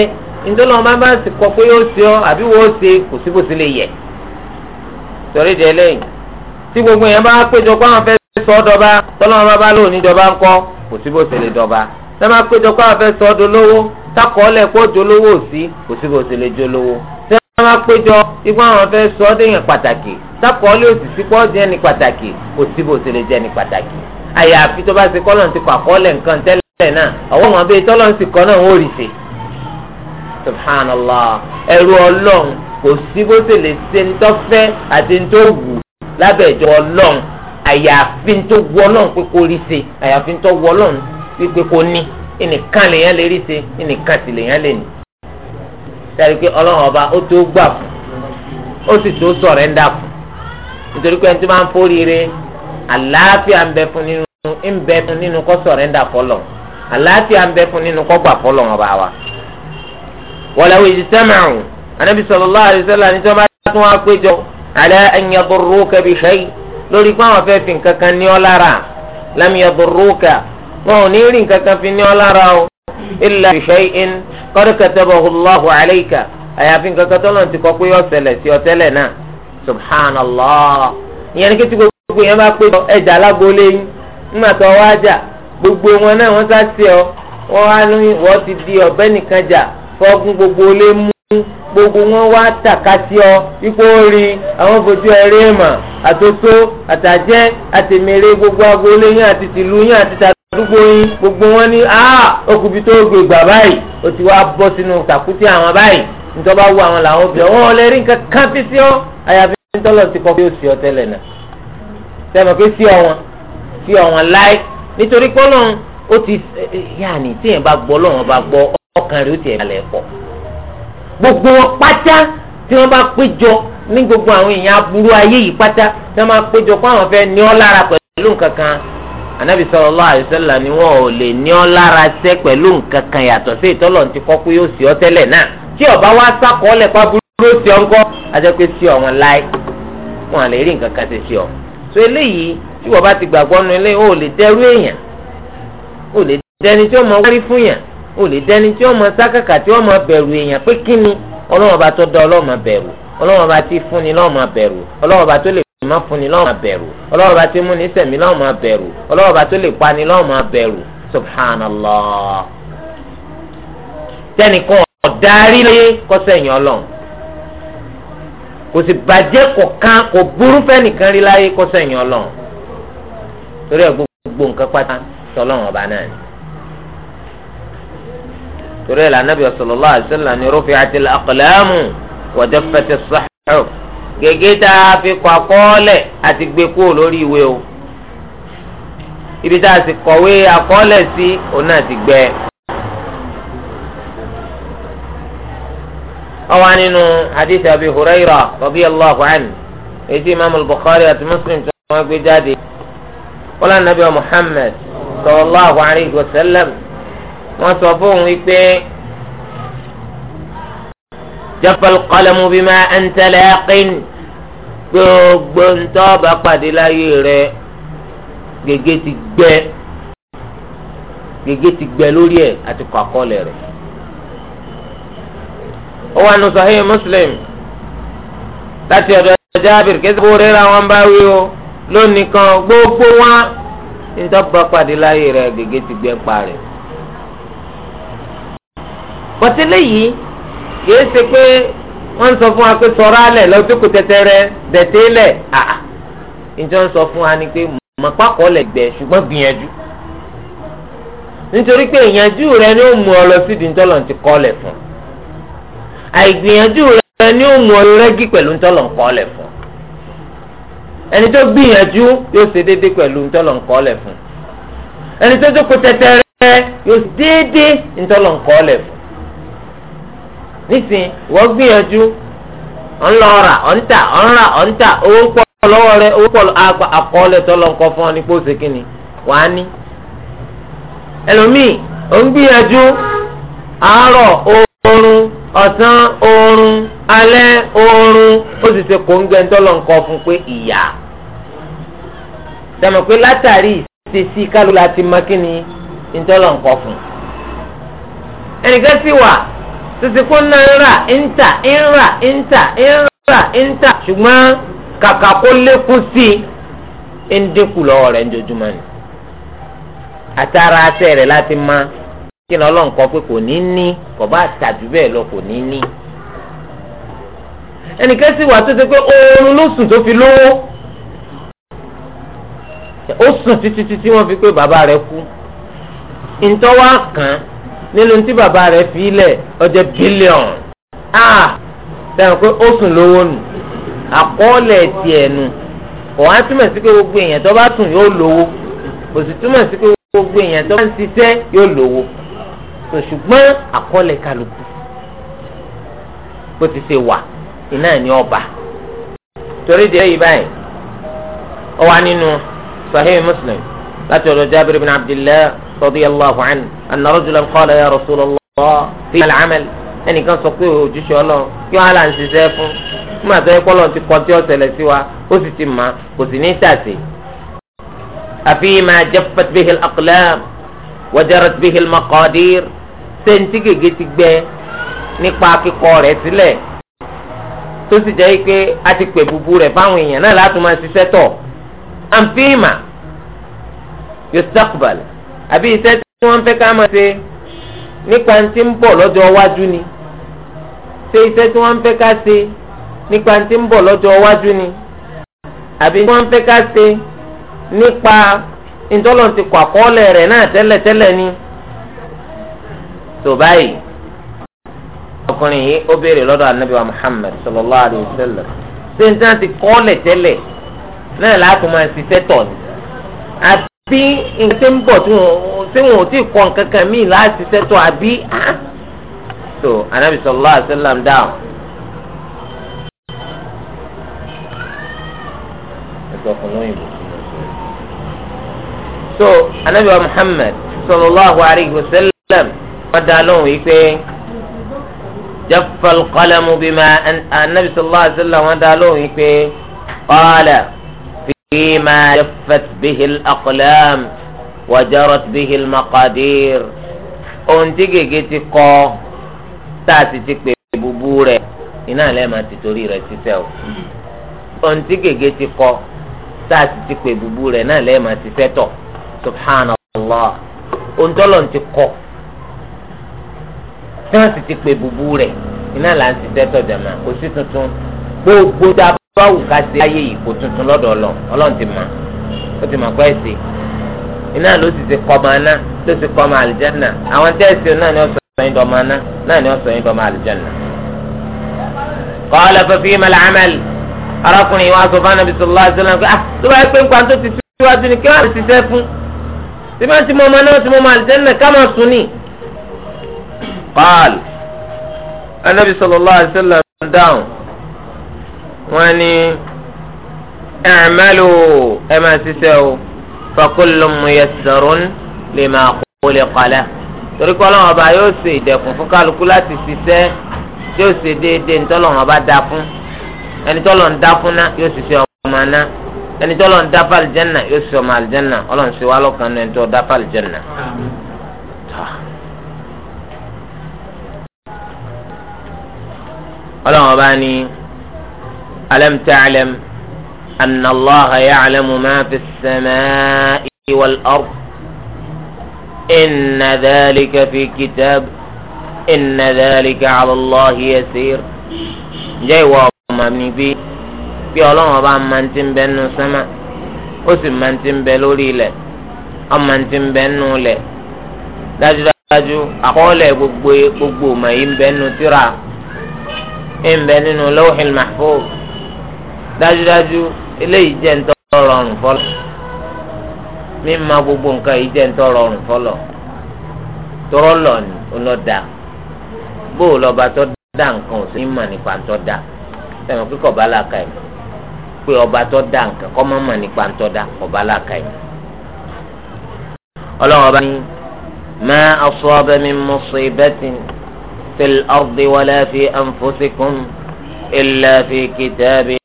Speaker 2: nítorí wọn bá bá ti kọ pé yóò ṣe ọ àbí wọ́n ṣe kò sí bó ti lè yẹ. sọ̀rọ̀ ìdí ẹlẹ́yìn tí gbogbo èèyàn bá péjọ pé àwọn fẹ́ sọ ọ́ dọba tọ́lọ́wọ́n bá bá lóun níjọba ń kọ́ kò sí bó ti lè dọba tẹ́lẹ̀ péjọ pé àwọn fẹ́ sọ ọ́ dolówó takọ̀ọ́lẹ̀ kó dolówó sí kò sí bó ti lè dolówó tẹ́lẹ̀ bá péjọ igbó àwọn fẹ́ sọ ọ́ déyàn pàtàkì takọ̀ọ́lẹ̀ òsìsí sí bó bẹ́ẹ̀ náà àwọn ọmọ bíi tọ́lọ́ ń sìnkọ́ náà sí subhanallah ẹrú ọlọ́run kò sí bó ṣe lè ṣe ń tọ́fẹ́ àti ń tó wù lábẹ́ ìjọ ọlọ́run àyàfi ń tó wù ọlọ́run pé rí àyàfi ń tó wù ọlọ́run pé ọba ó tó gbà fún ó sì tó fún nítorí pé ẹni tó máa ń fóríire àlàáfíà ń bẹ àlàáfíà ń bẹ fún nínú kọ́gbà fọlọ́ wọn bá wa. walaw ijtama'u anabi sallallahu alaihi wasallam ní tí wọ́n bá tún wá péjọ ala an yadurruka bi shay lórí pé àwọn fẹ́ẹ́ fi nǹkan kan ní ọ lára lam yadurruka wọn ò ní rí nǹkan kan fi ní ọ lára o illa bi shay'in qad katabahu Allahu alayka àyàfi nǹkan kan tọ́lọ̀ ti kọ pé yọ ṣẹlẹ̀ sí ọ náà subhanallah ìyẹn ní kí tí gbogbo yẹn bá pé ẹja alágbólé yín nígbà tó wá jà gbogbo wọn náà wọ́n sá sí ọ wọ́n wá ní wọ́n ti di ọ̀bẹ nìkan jà fọ́gùn gbogbo lé mú gbogbo wọn wá tàka sí ọ ipò orí àwọn fojú ẹrí mà àtótó àtàjẹ àtẹmẹrẹ gbogbo agboolé yín àti tìlú yín àti tàdúgbò yín gbogbo wọn ní a okùnbi tó gbé gbà báyìí o ti wá bọ́ sínú tàkútì àwọn báyìí nítorí wọ́n wọ àwọn làwọn obìnrin wọn ò nǹkan kan fi sí ọ àyàfi nítorí ọ̀sìn kọ́ pé ó sì ọ tẹ́lẹ̀ náà sẹ́mi pé sí ọ wọn sí ọ wọn láì. Like nítorí pọ́lọ́n ó ti yáàní tí yẹn bá gbọ́ lọ́wọ́n bá gbọ́ ọkàn rẹ̀ ó ti ẹ̀balẹ̀ pọ̀ gbogbo wọn pátá tí wọn bá péjọ ní gbogbo àwọn èèyàn aburú ayé yìí pátá tí wọ́n bá péjọ pé àwọn fẹ́ ní ọ́ lára pẹ̀lú nǹkan kan anabi sallallahu alaihi wasallam ni wọn ò lè ní ọ lára ṣe pẹ̀lú nǹkan kan yàtọ̀ sí ìtọlọ ti kọ pé yóò sí ọ tẹ́lẹ̀ náà tí ọba wa sàkọọlẹ pàbúrò sí ọ ńkọ́ ajẹ pé sí ọ wọn láì wọn lè rí nǹkan kan ṣe sí ọ so eléyìí tí wọ́n bá ti gbàgbọ́ nu ilé o lè dẹ́rú èèyàn o lè dẹni tí ó mọ wárí fún yàn o lè dẹni tí ó mọ sákàkà tí ó mọ bẹ̀rù èèyàn pé kí ni ọlọ́wọ́n bá tó dá ọlọ́mọ bẹ̀rù ọlọ́wọ́n bá ti fún ni lọ́mọ bẹ̀rù ọlọ́wọ́n bá tó lè má fún ni lọ́mọ bẹ̀rù ọlọ́wọ́n bá ti mú ni sẹ̀mí lọ́mọ bẹ̀rù ọlọ́wọ́n subhanallah tẹnìkan ọ̀darí lé kọ́sẹ̀yìn ọlọ́run kò sì bàjẹ́ kọ̀ọ̀kan kò burú fẹ́nìkan rí láyé kọ́sẹ̀yìn ọlọ́run torí ẹ̀ gbogbo nǹkan pátá tọ́lọ́run ọba náà ni. torí ẹ̀ lànà bíi sallallahu alaihi wasallam ni rufi'atil aqlamu wa jaffatis suhuf gègé tá a fi kọ akọ́ọ́lẹ̀ àti gbé kúrò lórí ìwé o ibi tá a sì kọ̀wé akọ́ọ́lẹ̀ sí òun náà ti gbẹ. ọwọ́ nínú hadith abi hurairah radiyallahu anhu èyí tí imaamu bukhari àti muslim tó wọ́n gbé jáde wọ́n lánàá bí wa Muhammad sallallahu alayhi wa sallam wọ́n sọ fóun wípé jafal qalamu bima anta laqin gbogbo ntọ́ bá pàdé láyé rẹ gègé ti gbẹ gègé ti gbẹ lórí ẹ̀ àti kọ àkọọ́lẹ̀ rẹ̀. ó wà nù Sahih Muslim láti ọ̀dọ̀ Jabir kí ẹ ti bó rẹ́ra wọn bá wí o lónìí kan gbogbo wọn ìdọ́gba pàdé láyé rẹ̀ gègé ti gbẹ pa rẹ̀. bọ́tílẹ̀ yìí kìí ṣe pé wọ́n ń sọ fún wa pé sọ̀rọ̀ alẹ̀ lọ́jọ́ kò tẹ́tẹ́rẹ́ dẹ̀tẹ́ lẹ̀ àà ìjọ ń sọ fún wa ni pé mọ̀pákọ̀ lẹ̀ gbẹ ṣùgbọ́n gbìyànjú nítorí pé ìyànjú rẹ ni ó mú ọ lọ síbi ntọ́lọ̀ ti kọ́lẹ̀ fún àìgbìyànjú rẹ ni ó mú ọ lọ rẹ́gí pẹ̀lú ntọ́lọ̀ kọ́lẹ̀ fún ẹni tó gbìyànjú yóò ṣe déédéé pẹ̀lú ntọ́lọ̀ nkọ́lẹ̀ fún ẹni tó jókòó tẹ́tẹ́rẹ́ yóò ṣe déédéé ntọ́lọ̀ nkọ́lẹ̀ fún nísìn wọ́n gbìyànjú ọ̀nlọ́ra ọ̀ntà ọ̀nra ọ̀ntà owó pọ̀ lọ́wọ́ rẹ owó pọ̀ àkọọ́lẹ̀ tọ́lọ̀ nkọ́ fún ọ ní pósè kínní wàá ní ẹlòmíì ò ń gbìyànjú àárọ̀ oorun ọ̀sán oorun alẹ́ oorun ó sì ṣe kó ń gbẹ ńtọ́lọ̀ nǹkan fún pé ìyá sẹ́mi pé látàrí ìṣesí kálù láti mọ kí ni ńtọ́lọ̀ nǹkan fún. ẹnìkan sì wà títí kó ná ń rà ń tà ń rà ń tà ń rà ń tà ṣùgbọ́n kàkà kó lékún sí i ń dínkù lọ́wọ́ rẹ̀ ń jojúmọ́ ni àtàrà àtẹ̀rẹ̀ láti máa kí ni ọlọ́run kọ pé kò ní ní kò bá tàjú bẹ́ẹ̀ lọ kò ní ní. ẹnìkan sì wà tó ṣe pé oorun ló sùn tó fi lówó ó sùn títí títí wọ́n fi pé bàbá rẹ̀ kú ntọ́wá kan nínú tí bàbá rẹ̀ fi lẹ̀ ọjọ́ bílíọ̀nù ah sẹ́wọ̀n pé ó sùn lówó nù àkọọ́lẹ̀ tiẹ̀ nù òun á túmọ̀ sí pé gbogbo èèyàn tó bá sùn yóò lówó kò sì túmọ̀ sí pé gbogbo èèyàn tó bá ń ṣiṣẹ́ yóò lówó so ṣùgbọ́n àkọọ́lẹ̀ kálukú bó ti ṣe wà iná ní ọba torí dèrè yìí báyìí ó wà nínú sahih muslim láti ọ̀dọ̀ jabir bin abdillah radiyallahu anhu anna rajulan qala ya rasulallah fi al-amal ẹnìkan sọ pé ojúṣe ọlọ́run kí wọ́n á là ń ṣiṣẹ́ fún fún àtọ́yẹ kọ́lọ́ ti kọ́ tí ó ṣẹlẹ̀ sí wa ó sì ti mà kò sì ní tàsé. àfi ma jaffat bihi al-aqlam wa sẹ́ni tí gègé ti gbẹ nípa kíkọ rẹ̀ sílẹ̀ tó sì jẹ́ pé a ti pè bubu rẹ̀ fáwọn èèyàn náà láti máa ṣiṣẹ́ tọ̀ àǹfíìmà yosakbal àbí iṣẹ́ tí wọ́n fẹ́ ká máa ṣe nípa ti ń bọ̀ lọ́jọ́ iwájú ni iṣẹ́ tí wọ́n fẹ́ ká ṣe nípa ti ń bọ̀ lọ́jọ́ iwájú ni àbí tí ni. tó báyìí ọkùnrin yìí ó béèrè lọ́dọ̀ anabi wa muhammed sallallahu alayhi wa sallam ṣé n tán ti kọ́lẹ̀ tẹ́lẹ̀ náà láti máa ṣiṣẹ́ tọ̀ ni àbí nǹkan tẹ́ ń bọ̀ tí wọn ò tí kọ́ nǹkan kan míì láti tọ̀ àbí so anabi sallallahu alayhi wa sallam dáhùn. so anabi wa muhammed sallallahu alayhi wa sallam wọ́n dá lóhùn yìí pé jaffal qalamu bima anabi sallallahu alayhi wa sallam wọ́n dá lóhùn yìí pé qala fima jaffat bihil aqlam wa jarat bihil maqadir ohun tí gègé ti kọ tá a sì ti pè búbú rẹ̀ iná lẹ́ẹ̀ma ti torí rẹ̀ títẹ̀ o ohun tí gègé ti kọ tá sì ti pè búbú rẹ̀ náà lẹ́ẹ̀ma ti fẹ́ tọ̀ subhanallah ohun tọ́lọ̀ ti kọ tí wọ́n sì ti pe bùbú rẹ̀ iná là ń ṣiṣẹ́ tọ̀jà mà kò sí tuntun gbogbo tá a bá wù ká ṣe ayé yìí kò tuntun lọ́dọ̀ ọlọ́ ọlọ́run ti mọ̀ ó ti mọ̀ pẹ́ sí iná ló ti ti kọ́mọ aná ló ti kọ́mọ àlìjáná àwọn tẹ́sí náà ni ó sọ yín dọ́mọ aná náà ni ó sọ yín dọ́mọ àlìjáná. kọ́lá fẹ́fí mẹ́lẹ̀ amẹ́lì arákùnrin wa sọ fún anabi sọlá àṣẹlá pé ah tó bá yẹ pé nǹkan tó ti síwájú ni kí wọ́n ti ṣiṣẹ́ fún tí wọ́n ti mọ ọmọ náà ti mọ ọmọ àlìjáná ká máa sùn ní قال النبي صلى الله عليه وسلم dáhùn wọ́n ní i'malu ẹ máa ṣiṣẹ́ o fa kullun muyassarun lima khuliqa lahu torí pé ọlọ́run ọba yóò ṣe ìdẹ̀kùn fún kálukú láti ṣiṣẹ́ tí yóò ṣe déédéé nítọ́lọ́run ọba dá fún ẹni tọ́lọ̀ dá fún ná yóò ṣiṣẹ́ ọmọ ná ẹni tọ́lọ̀ dá fún alìjẹ́nà yóò ṣiṣẹ́ ọmọ alìjẹ́nà ọlọ́run ṣe wá lọ́kàn ẹni tó dá fún alìjẹ́nà. ọlọ́run ọba ní alam ta'lam anna allaha ya'lamu ma fi as-sama'i wal ard inna dhalika fi kitab inna dhalika 'ala allahi yasir ǹjẹ́ ìwọ ọmọ mi bí bí ọlọ́run ọba máa ń ti ń bẹ nínú sánmà ó sì máa ń ti ń bẹ lórí ilẹ̀ ọmọ ń ti ń bẹ nínú ilẹ̀ dájúdájú àkọọ́lẹ̀ gbogbo gbogbo màá yí ń bẹ nínú tírà. ń bẹ nínú lawhil mahfuz dájúdájú eléyìí jẹ́ ń tọ́ rọrùn fọlọ́ mímọ gbogbo nǹkan yìí jẹ́ ń tọ́ rọrùn fọlọ́ tọrọ lọ ni ọlọ́dà bó lọ́ba tó da nǹkan òsì mímọ̀ nípa da. dá sẹ́mi kíkọ̀ bá làkà yìí pé ọba tó dá nǹkan kọ́ mọ̀mọ̀ nípa tó dá ọba làkà yìí. ọlọ́run ọba ní ma في الأرض ولا في أنفسكم إلا في كتاب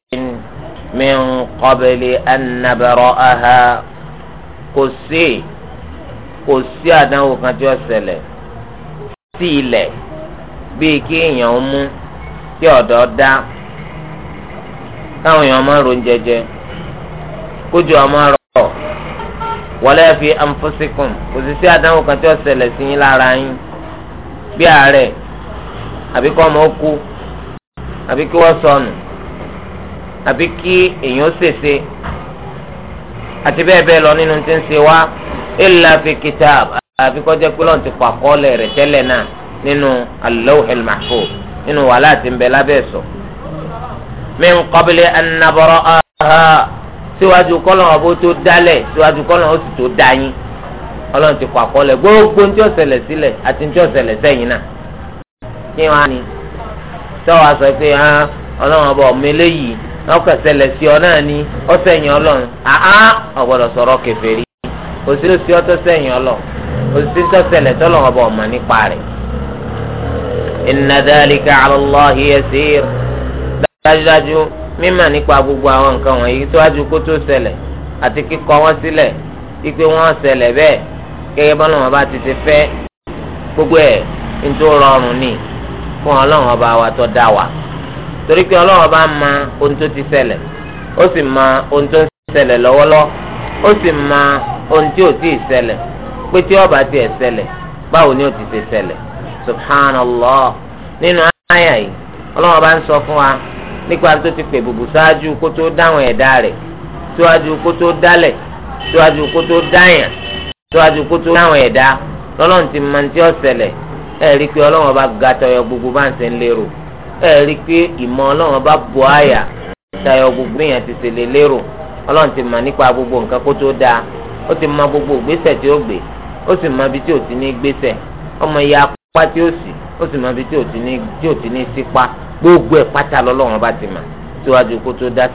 Speaker 2: من قبل أن نبرأها kò sí kò sí àdánwò kan tí ó ṣẹlẹ̀ sí ilẹ̀ bíi kí èèyàn ń mú kí ọ̀dọ́ dá káwọn èèyàn máa ron jẹjẹ kójú ọmọ rọ wọlé fi anfusikum kò sí sí àdánwò kan tí ó ṣẹlẹ̀ sí yín lára yín bí àárẹ̀ àbí kọ́ ọmọ kú àbí kí wọ́n sọnù àbí kí èèyàn ṣèṣe àti bẹ́ẹ̀ bẹ́ẹ̀ lọ nínú tí ń ṣe wá illa fi kitab àfi kọjá pé lọ́n ti kọ́ àkọọ́lẹ̀ rẹ̀ tẹ́lẹ̀ náà nínú al-lawhil mahfuz nínú wàhálà àti ń bẹ lábẹ́ sọ. min qabli an nabra'aha síwájú kọ́lọ̀ ọ̀bọ tó dálẹ̀ síwájú kọ́lọ̀ ó tó dá ọlọ́run ti kọ́ àkọọ́lẹ̀ gbogbo ní tí ó ṣẹlẹ̀ sílẹ̀ àti ní tí ó ṣẹlẹ̀ sẹ́yìn náà. kí wọn ni tọ́wọ́ sọ pé ọlọ́run ọba ọmọ eléyìí wọn kò ṣẹlẹ̀ sí ọ náà ni sẹ̀yìn ọlọ́run àá ọ̀gbọ́dọ̀ sọ̀rọ̀ kèfèrí òsínú sí ọtọ́ sẹ̀yìn ọlọ́run òsínú tó ṣẹlẹ̀ tọ́lọ́run ọba ọmọ nípa rẹ̀. dájúdájú nípa gbogbo àwọn nǹkan wọ̀nyí kó tó àti kíkọ wọn sílẹ̀ bẹ́ẹ̀ ti ti fẹ́ gbogbo ẹ̀ ń tó rọrùn fún ọlọ́run ọba wa tó dá wa torí pé ọlọ́run ọba ohun tó ti ṣẹlẹ̀ ó sì ma ohun tó ń ṣẹlẹ̀ lọ́wọ́lọ́wọ́ ó sì ma ohun tí ò tí ì ṣẹlẹ̀ pé tí ó ṣẹlẹ̀ báwo ni ó ti ṣe subhanallah nínú àyà yìí ọlọ́run ọba ń sọ fún wa nípa ti pè bùbù ṣáájú kó tó ẹ̀dá rẹ̀ kó tó dálẹ̀ kó ẹ rí pé ọlọ́run ọba ga tayọ gbogbo bá ń ṣe ń lérò ẹ rí i pé ìmọ̀ ọlọ́run ọba àyà gbogbo èèyàn ti ṣe lè lérò ti mọ̀ nípa gbogbo nǹkan kó tó ó ti gbogbo ìgbésẹ̀ tí ó gbé ó sì ibi tí ti ní gbésẹ̀ ọmọ ya apá tí ó sì ó sì ibi tí ti ní tí ti ní gbogbo ẹ̀ pátá ti mọ̀ síwájú kó tó dá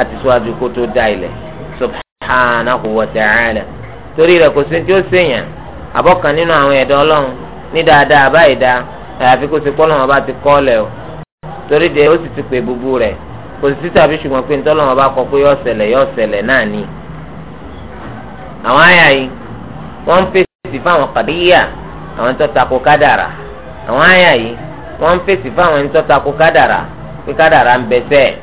Speaker 2: àti síwájú kó tó ilẹ̀ subhanahu wa ta'ala torí rẹ̀ kò sí tí ní dáadáa àbáyé dá àyàfi kó ti pọ́nlọ́mọ ọba ti kọ́ lẹ̀ o torí de ó sì ti pè bubu rẹ̀ kò sí tàbí ṣùgbọ́n pé ntọ́lọ́mọ bá kọ pé yọ ṣẹlẹ̀ yọ ṣẹlẹ̀ náà ni. àwọn àyà yìí wọ́n ń fèsì fáwọn kàdíyà àwọn tó tako kádàrà àwọn àyà yìí wọ́n ń fèsì fáwọn tó tako kádàrà pé kádàrà ń bẹ sẹ́ẹ̀.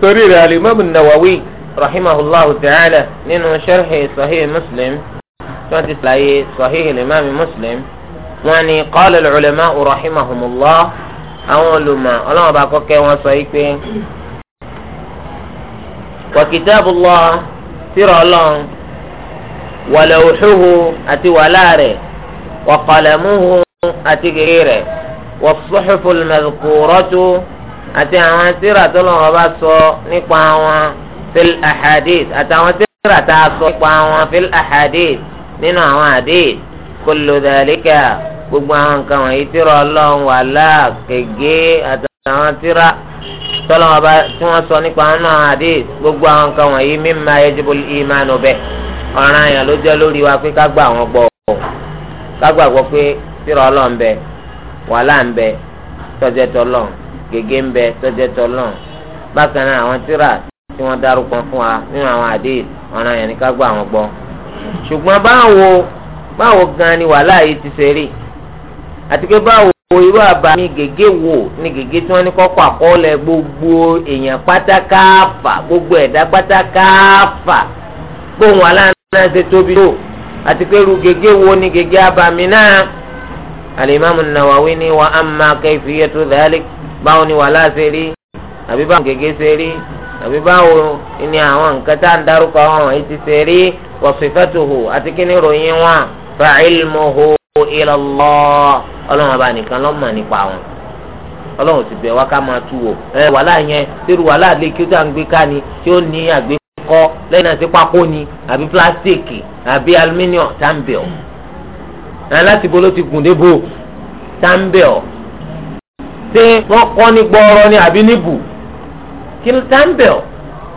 Speaker 2: torí alimami Nawawi. rahimahullahu ta'ala nínú sharhi sahih muslim tí wọ́n ti sàlàyé sahih limami muslim wọ́n ní qala al-ulama'u rahimahumullah àwọn olùmọ̀ ọlọ́wọ́n bá kọ́kẹ́ wọn sọ yìí pé wa kitabullah tírà ọlọ́run wa lawhuhu àti wàhálà rẹ̀ wa qalamuhu àti gègé rẹ̀ wa suhuful madhkuratu àti àwọn tírà tọ́lọ́wọ́n bá sọ nípa wọn fil ahadith àtàwọn tíra tá a sọ nípa àwọn fil ahadith nínú àwọn hadith kullu dhalika gbogbo àwọn nǹkan wọ̀nyí tíra ọlọ́run wà láàkègé àtàwọn tíra tọ́lọ́wọ́ bá tí wọ́n sọ nípa àwọn náà hadith gbogbo àwọn nǹkan wọ̀nyí mimma yajibul imanu bih ọ̀ràn àyàn ló jẹ́ lórí wa pé ká gbà wọ́n gbọ́ ká gbàgbọ́ pé tíra ọlọ́run bẹ wàhálà ń bẹ tọ́jẹ́ tọ́lọ́run gègé ń bẹ tọ́jẹ́ tọ́lọ́run bákan náà àwọn tíra tí wọ́n dárúkọ fún wa nínú àwọn àdéhìí ọ̀ràn yẹn ní ká gbọ́ àwọn gbọ́. ṣùgbọ́n báwo báwo gan ni wàhálà yìí ti ṣe rí àti pé báwo irú àbá ni gègé wò ni gègé tí wọ́n ní kọ́kọ́ àkọọ́lẹ̀ gbogbo èèyàn pátákáàfà gbogbo ẹ̀dá pátákáàfà gbóhùn aláǹdá ṣe tóbi tó àti pé irú gègé wo ni gègé abàmì náà alimami nawawi ni wa amma kayfiyatu dhalik báwo ni wàhálà ṣe rí àbí báwo gègé ṣe rí àbí báwo ni àwọn nǹkan tá à ń dárúkọ àwọn èyí ti ṣe rí wọ̀sífẹ́tòhò àti kí ni ròyìn wọn fàílmòhò ìlọlọ ọlọ́run ọba nìkan ló mọ̀ nípa wọn ọlọ́run ti bẹ̀ wá ká máa tú wò ẹ wàhálà yẹn tíru wàhálà lè kí ó tà ń gbé ká ni tí ó ní àgbékọ́ lẹ́yìn náà sí pákó ni àbí pílásítíìkì àbí alumíníọ̀ táǹbẹ̀ọ̀ láti bo ló ti gùn débò táǹbẹ̀ọ̀ ṣé wọ́n kọ́ ní gbọ́ọ̀rọ̀ ni àbí níbù kí ló tán bẹ̀ ọ́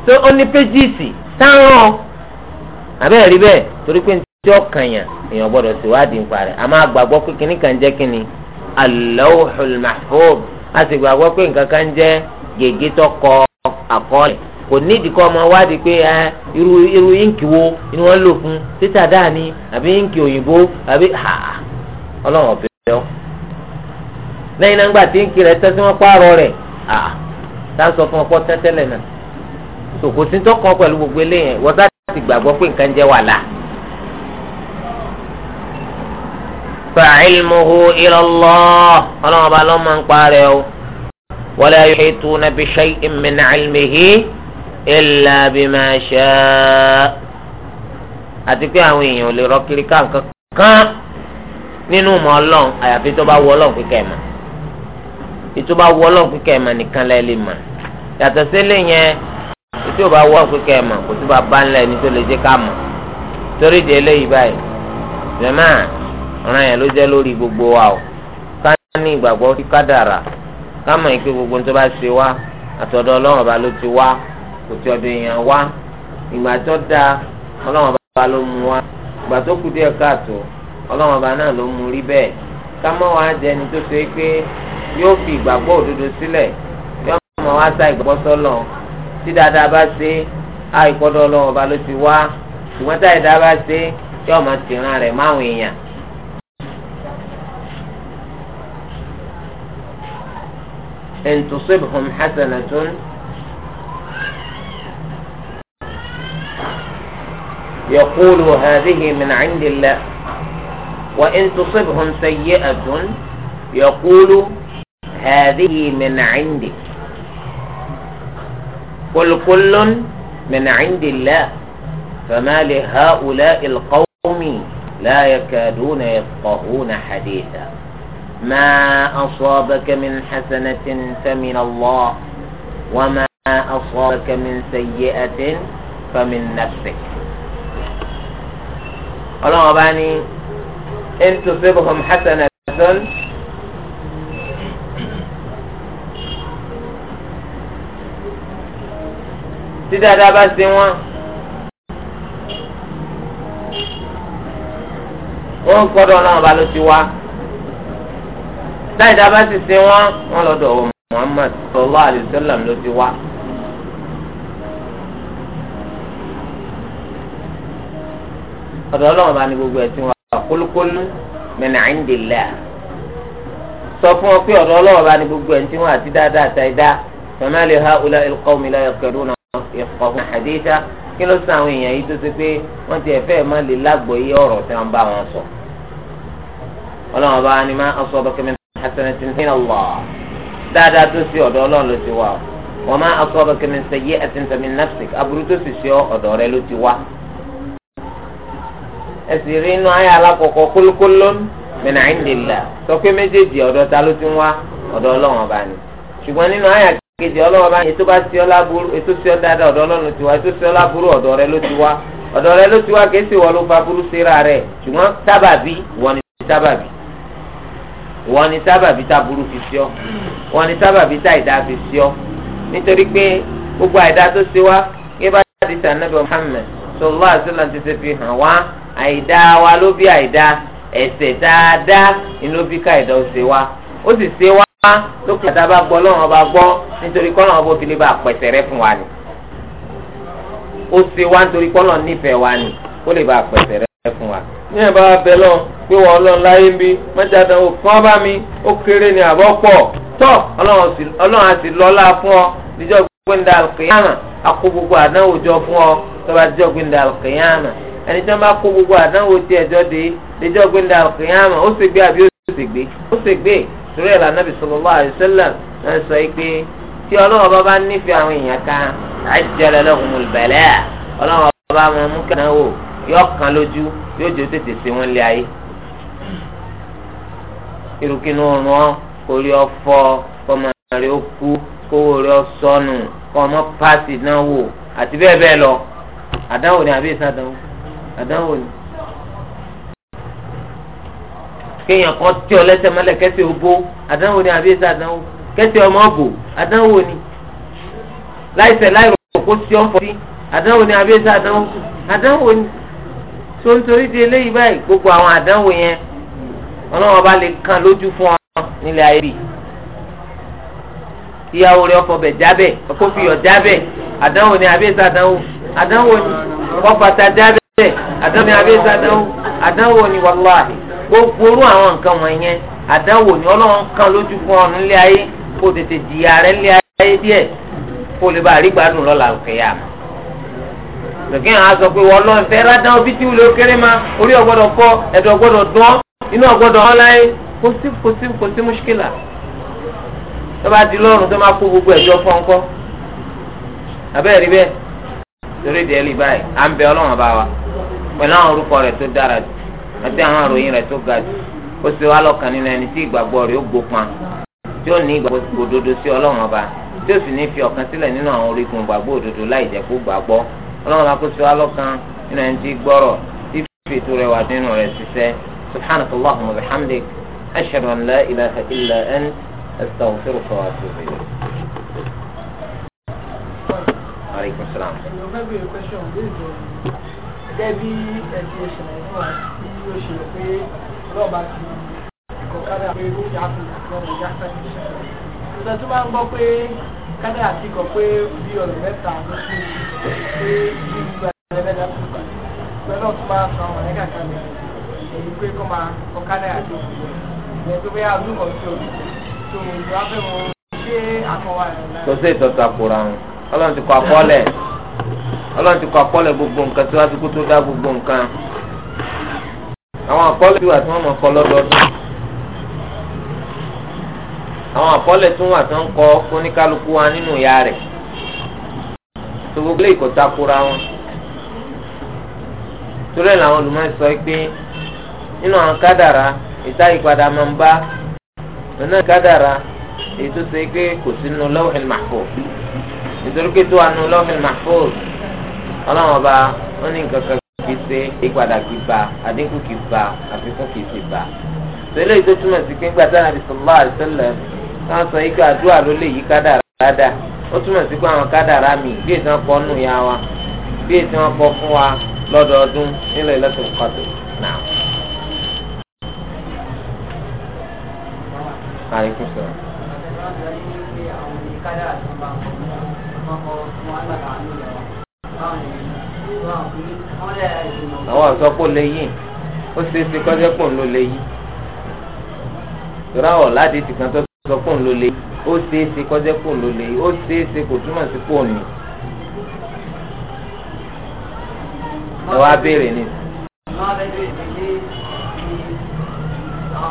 Speaker 2: tó ó ní péjìsì táwọn abẹ́rẹ́ rí bẹ́ẹ̀ torí pé tí ó kànyàn èèyàn gbọ́dọ̀ ṣèwádìí ń parẹ́ àmọ́ àgbàgbọ́ pé kíní kan jẹ́ kíni al-lawhul mahfuz a sì gbàgbọ́ pé nǹkan kan jẹ́ gègé tó kọ àkọọ́lẹ̀ kò nídìí kọ́ ọmọ wádìí pé ẹ irú irú íǹkì wo ni wọ́n lò fún títà dáa àbí íǹkì òyìnbó àbí ha ọlọ́run ọ̀fẹ́ ọ́ lẹ́yìn náà ńgbà tí íǹkì rẹ̀ tẹ́sí wọ́n pààrọ̀ rẹ̀ ha tá a sọ fún ọkọ tẹ́tẹ́lẹ̀ náà so kò sí tọkọ pẹ̀lú gbogbo eléyẹn wọ́n sá ti gbàgbọ́ pé nǹkan jẹ́ wàhálà. fa'ilmuhu ila Allah ọlọ́run ọba lọ́mọ ń parẹ́ o wala yuhituna bi shay'in min 'ilmihi illa bima sha'a àti pé àwọn èèyàn ò lè rọ kiri ká nǹkan kan nínú ìmọ̀ ọlọ́run àyàfi tó bá wọ ọlọ́run kíkẹ́ mọ́ ètò bá wọ ọlọ́run kíkẹ́ ẹ̀ mà nìkan lẹ́ lè mà yàtọ̀ sílẹ̀ yẹn ètò ò wọ ọlọ́run kíkẹ́ ẹ̀ kò sí bá bá ńlá ẹni lè jẹ́ ká mọ̀ torí di eléyìí báyìí jẹ̀mọ́ ọ̀ràn yẹn ló jẹ́ lórí gbogbo wa o ká ní ìgbàgbọ́ sí kádàrà ká mọ̀ pé gbogbo tó bá ṣe wá àtọ̀dọ̀ ọlọ́run ọba ló ti wá kò ti ọ̀dọ̀ èèyàn wá ìgbà tó dáa ọlọ́run ọba ló mú wá ìgbà tó kù díẹ̀ káàtó ọlọ́run ọba náà ló mú rí bẹ́ẹ̀ ká mọ̀ wá yóò fi ìgbàgbọ́ òdodo sílẹ̀ yóò mọ wá sa ìgbàgbọ́ sọ́lọ̀ tí dáadáa bá ṣe àìkọ́dọ̀ ọlọ́run ọba ló ti wá ṣùgbọ́n táyì dáa bá ṣe yóò mọ tìran rẹ̀ máwùn èèyàn. إن تصبهم حسنة يقول هذه من عند الله وإن تصبهم سيئة يقول هذه من عندك قل كل من عند الله فما لهؤلاء القوم لا يكادون يفقهون حديثا ما أصابك من حسنة فمن الله وما أصابك من سيئة فمن نفسك الله أباني إن تصبهم حسنة tí dáadáa bá ṣe wọ́n
Speaker 1: wọ́n gbọ́dọ̀ náà bá
Speaker 2: ló ti wá láì dáa bá sì ṣe wọ́n wọ́n lọ́dọ̀ ọ̀hún Muhammad sallallahu alaihi wasallam ló ti wá. ọ̀dọ̀ ọlọ́run bá ní gbogbo ẹ̀sìn wa kólókóló min indillah sọ fún ọ pé ọ̀dọ̀ ọlọ́run bá ní gbogbo ẹ̀sìn wa àti dáadáa àti àìdá fa ma li haula al qawmi la ìkọ̀hún àdéhà kí ló sàn àwọn èèyàn yìí tó ṣe pé wọ́n ti ẹ̀fẹ́ má lè lágbo iye ọ̀rọ̀ tí wọ́n bá wọn sọ. ọlọ́run bá ní má ọsọ ọbẹ̀ min hasanatin min Allah dáadáa tó sí ọ̀dọ̀ ọlọ́run ló ti wá o wọ́n má ọsọ ọbẹ̀ min sayyi'atin min nafsik aburú tó sì sí ọ̀dọ̀ rẹ ló ti wá. ẹ sì rí inú ayé alákọ̀ọ́kọ́ kullun min kejì ọlọ́wọ́ bá ètò bá sí ọ láburú ètò sí ọ dáadáa ọ̀dọ̀ ọlọ́run ti wá ètò sí ọ láburú ọ̀dọ̀ rẹ ló ti wá ọ̀dọ̀ rẹ ló ti wá kìí sì wọ́n ló fa burú síra rẹ̀ ṣùgbọ́n sábàbí wọ́n ni sábàbí wọ́n ni sábàbí tá burú fi sí ọ wọ́n ni sábàbí tá ìdá fi sí ọ nítorí pé gbogbo àìdá tó ṣe wá kí bá ti tà nàbẹ Muhammad sọlá àṣìlá ti ṣe fi hàn wá àìdá wa ló bí àìdá ẹ̀ṣẹ̀ dáadáa ni ló bí ká ìdá ó ṣe wá ó sì ṣe wá wá lókè àti abá gbọ́ lọ́wọ́ bá gbọ́ nítorí kọ́lọ́ wọn bó fi lè bá pẹ̀sẹ̀ rẹ fún wa ni ó ṣe wá nítorí kọ́lọ́ nífẹ̀ẹ́ wa ni ó lè bá pẹ̀sẹ̀ rẹ fún wa.
Speaker 3: ní ẹ̀ bá bẹ̀ lọ pé wọ́n lọ láyé ń bí mẹ́ta àtàwọn kan bá mi ó kéré ni àbọ̀ pọ̀ tọ́ ọlọ́run àti lọ́lá fún ọ
Speaker 2: níjọ́ gbẹ̀ndà àlùkìyàmà akó gbogbo àdánwò jọ fún ọ tọ́ba níjọ́ gbẹ̀ndà àlùkìyàmà ẹni tí wọ́n bá kó gbogbo àdánwò tiẹ̀ jọ dé níjọ́ gbẹ̀ndà àlùkìyàmà ó ṣègbè àbí ó ṣègbè ó ṣègbè torí ẹ̀ lànà bí sallallahu alaihi wasallam náà sọ yìí pé tí ọlọ́wọ́ bá bá nífẹ̀ẹ́ àwọn èèyàn kan ajjala lahumul balaa ọlọ́wọ́ bá wọn mú kàn wò yóò kàn lójú yóò jẹ́ tètè sí wọn lé ayé. irukinu ọ̀run ọ orí ọfọ kọmọ rẹ ó kú kówó rẹ ó sọnù kọmọ pàṣẹ náà àti bẹ́ẹ̀ bẹ́ẹ̀ lọ àdánwò ni àbí ìsàdánwò àdánwò ni kéèyàn kan tí ọ lẹ́sẹ̀ mọ́lẹ̀ kẹ́sẹ̀ ó bó àdánwò ni àbí ẹsẹ̀ àdánwò kẹ́sẹ̀ ọmọ ọgò àdánwò ni láìsẹ̀ láì rò kó tí ọ ń fọdí àdánwò ni àbí ẹsẹ̀ àdánwò àdánwò ni tó ń torí di eléyìí báyìí gbogbo àwọn àdánwò yẹn ọlọ́wọ́n bá lè kàn lójú fún ọ nílẹ̀ ayé rí ìyàwó rẹ̀ ọkọ bẹ̀ jábẹ̀ ọkọ fi yọ jábẹ̀ àdánwò ni àbí ẹsẹ̀ àdánwò àdánwò ni wọ́n bàtà jábẹ̀ àdánwò ni àbí ẹsẹ̀ àdánwò àdánwò ni wàláhì gbogbo orú àwọn nǹkan wọ̀nyẹn àdánwò ni ọlọ́run kan lójú fún ọ nílé ayé kó tètè jìyà rẹ nílé ayé díẹ̀ kó lè bá rí gbádùn lọ́la òkèèyà mọ́. lòkè àwọn aṣọ pé wọ́n lọ́n fẹ́ rádán obi tí wúlò kéré ma orí ọ̀gbọ́dọ̀ fọ́ ẹ̀dọ̀ ọ̀gbọ́dọ̀ dán inú ọ̀gbọ́dọ̀ hàn láyé kò sí kò sí kò sí mùṣkílà. tó bá di lọ́rùn tó máa kó gbogbo ẹ̀jọ́ fọ́nkọ́ àbẹ́ẹ̀rí bẹ́ẹ̀ torí dẹ́ẹ́lì báyìí à ń bẹ ọlọ́run bá wa pẹ̀lú àti àwọn àròyìn rẹ̀ tó ga jù ó ṣe wá lọ́kàn nínú ẹni tí ìgbàgbọ́ rẹ̀ ó gbópọn tí ó ní ìgbàgbọ́ òdodo sí ọlọ́run ọba tí ó sì ní fi ọ̀kan sílẹ̀ nínú àwọn orígun ìgbàgbọ́ òdodo láì jẹ́ kó gbàgbọ́ ọlọ́run bá kó ṣe wá lọ́kàn nínú ẹni tí gbọ́rọ̀ tí fi ètò rẹ̀ wà nínú rẹ̀ ṣiṣẹ́ subhanakallahumma wa
Speaker 3: gẹ́gẹ́ bí ẹ̀sìn ìṣẹ̀lẹ̀ fún wa tí ó ṣe rẹ̀ pé ọlọ́ọ̀bá ti kọ̀ kádà pé ó yà fún ọlọ́ọ̀bá yá sáyẹn ìṣẹ̀lẹ̀. ìṣẹ̀lẹ̀ tó máa ń gbọ́ pé kádà àti kọ̀ pé bí ọ̀rọ̀ mẹ́ta ló kú pé bí gbogbo àlẹ́ mẹ́ta tó gbà pẹ̀lú ọ̀tún máa san ọ̀rọ̀ ẹ̀ka kalẹ̀ èyí pé kọ́ máa kọ́ kádà àti òkú rẹ̀ pé bóyá ọdún
Speaker 2: kan ọlọ́run ti kọ àkọọ́lẹ̀ gbogbo nǹkan tí wọ́n ti kó tó dá gbogbo nǹkan àwọn àkọọ́lẹ̀ tí wà tí wọ́n mọ̀ kọ lọ́dọọdún àwọn àkọọ́lẹ̀ tí wà tí wọ́n kọ oníkálukú wa nínú ìyá rẹ̀ tó gbogbo lè kó takora wọn torí ẹ̀ làwọn olùmọ̀ sọ pé nínú àwọn kádàrá ìta ìpadà máa ń bá nínú kádàrá èyí tó ṣe pé kò sínú lawhil mahfuz nítorí pé tó wà nínú lawhil mahfuz. ọlọ́run ọba ó ní nǹkan kan kì í ṣe ìpadà kì í ba àdínkù kì í ba àfikún kì í ṣe ba. sẹ́lẹ̀ yìí tó túmọ̀ sí pé ńgbà táwọn àbísọ̀ bá àdìsẹ́lẹ̀ wọn sọ yìí pé àdúrà ló lè yí kádàrá dáadáa ó túmọ̀ mi bí èsì wọn ya wa bí èsì wọn kọ fún wa lọ́dọọdún nílẹ̀ lọ́sùn kọ́tù
Speaker 3: náà. àwọn
Speaker 2: àsọpọ̀ lè yí ó ṣe é ṣe kọjá pọ̀ ló lè yí ìràwọ̀ láti ti kan tó sọ pọ̀ ló lè yí ó ṣe é ṣe kọjá pọ̀ ló lè yí ó ṣe é ṣe kò túmọ̀ sí pọ̀ nù. ẹ wá béèrè ni.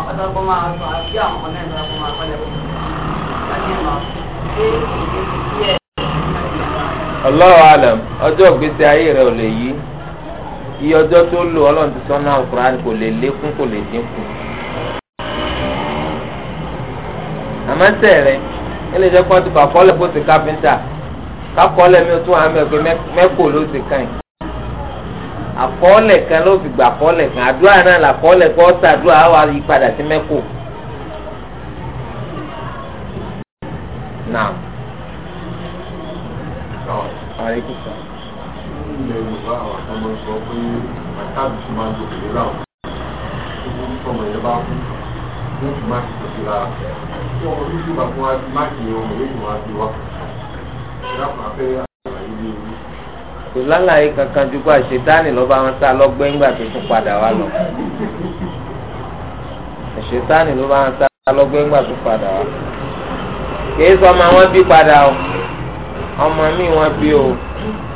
Speaker 3: ọ̀dọ́ máa sọ àbí àwọn ọ̀nà ìgbà máa kọ́lẹ̀ kó. Allahu alam ọjọ́ ìgbésí ayé rẹ̀ ò lè yí iye
Speaker 2: ọjọ́ tó lò ọlọ́run ti sọ náà Al-Qur'an kò lè lékún kò lè dínkù. àmọ́sẹ̀ rẹ̀ ẹ lè jẹ́ kó ti bà kọ́lẹ̀ kó ti káfíńtà kákọ́lẹ̀ mi tún àmì ẹ̀gbẹ́ mẹ́kò ló ti kàn yín. àkọọ́lẹ̀ kan ló fi gbà kọ́lẹ̀ kan àdúrà náà làkọ́ọ́lẹ̀ kọ́ sàdúrà á wà yí padà sí mẹ́kò.
Speaker 3: káàdì tó máa jòkè ní láwùjọ gbogbo ìfọmọ yẹn bá kú ní oṣù máàkì tó ti lára tí ọmọ yìí tó bá fún wa máàkì yẹn ọmọ yìí tó wá sí wa
Speaker 1: ìdáfà
Speaker 2: fẹ́ àlàyé bí ewu. kò lálàyé kankan ju pé àṣetáni lọ́ba wọn sá lọ́gbẹ́ ńgbà tó tún padà wá lọ àṣetáni ló bá wọn sá lọ́gbẹ́ ńgbà tó padà wá kìí sọ ọmọ wọn bí padà o ọmọ mi wọn bí o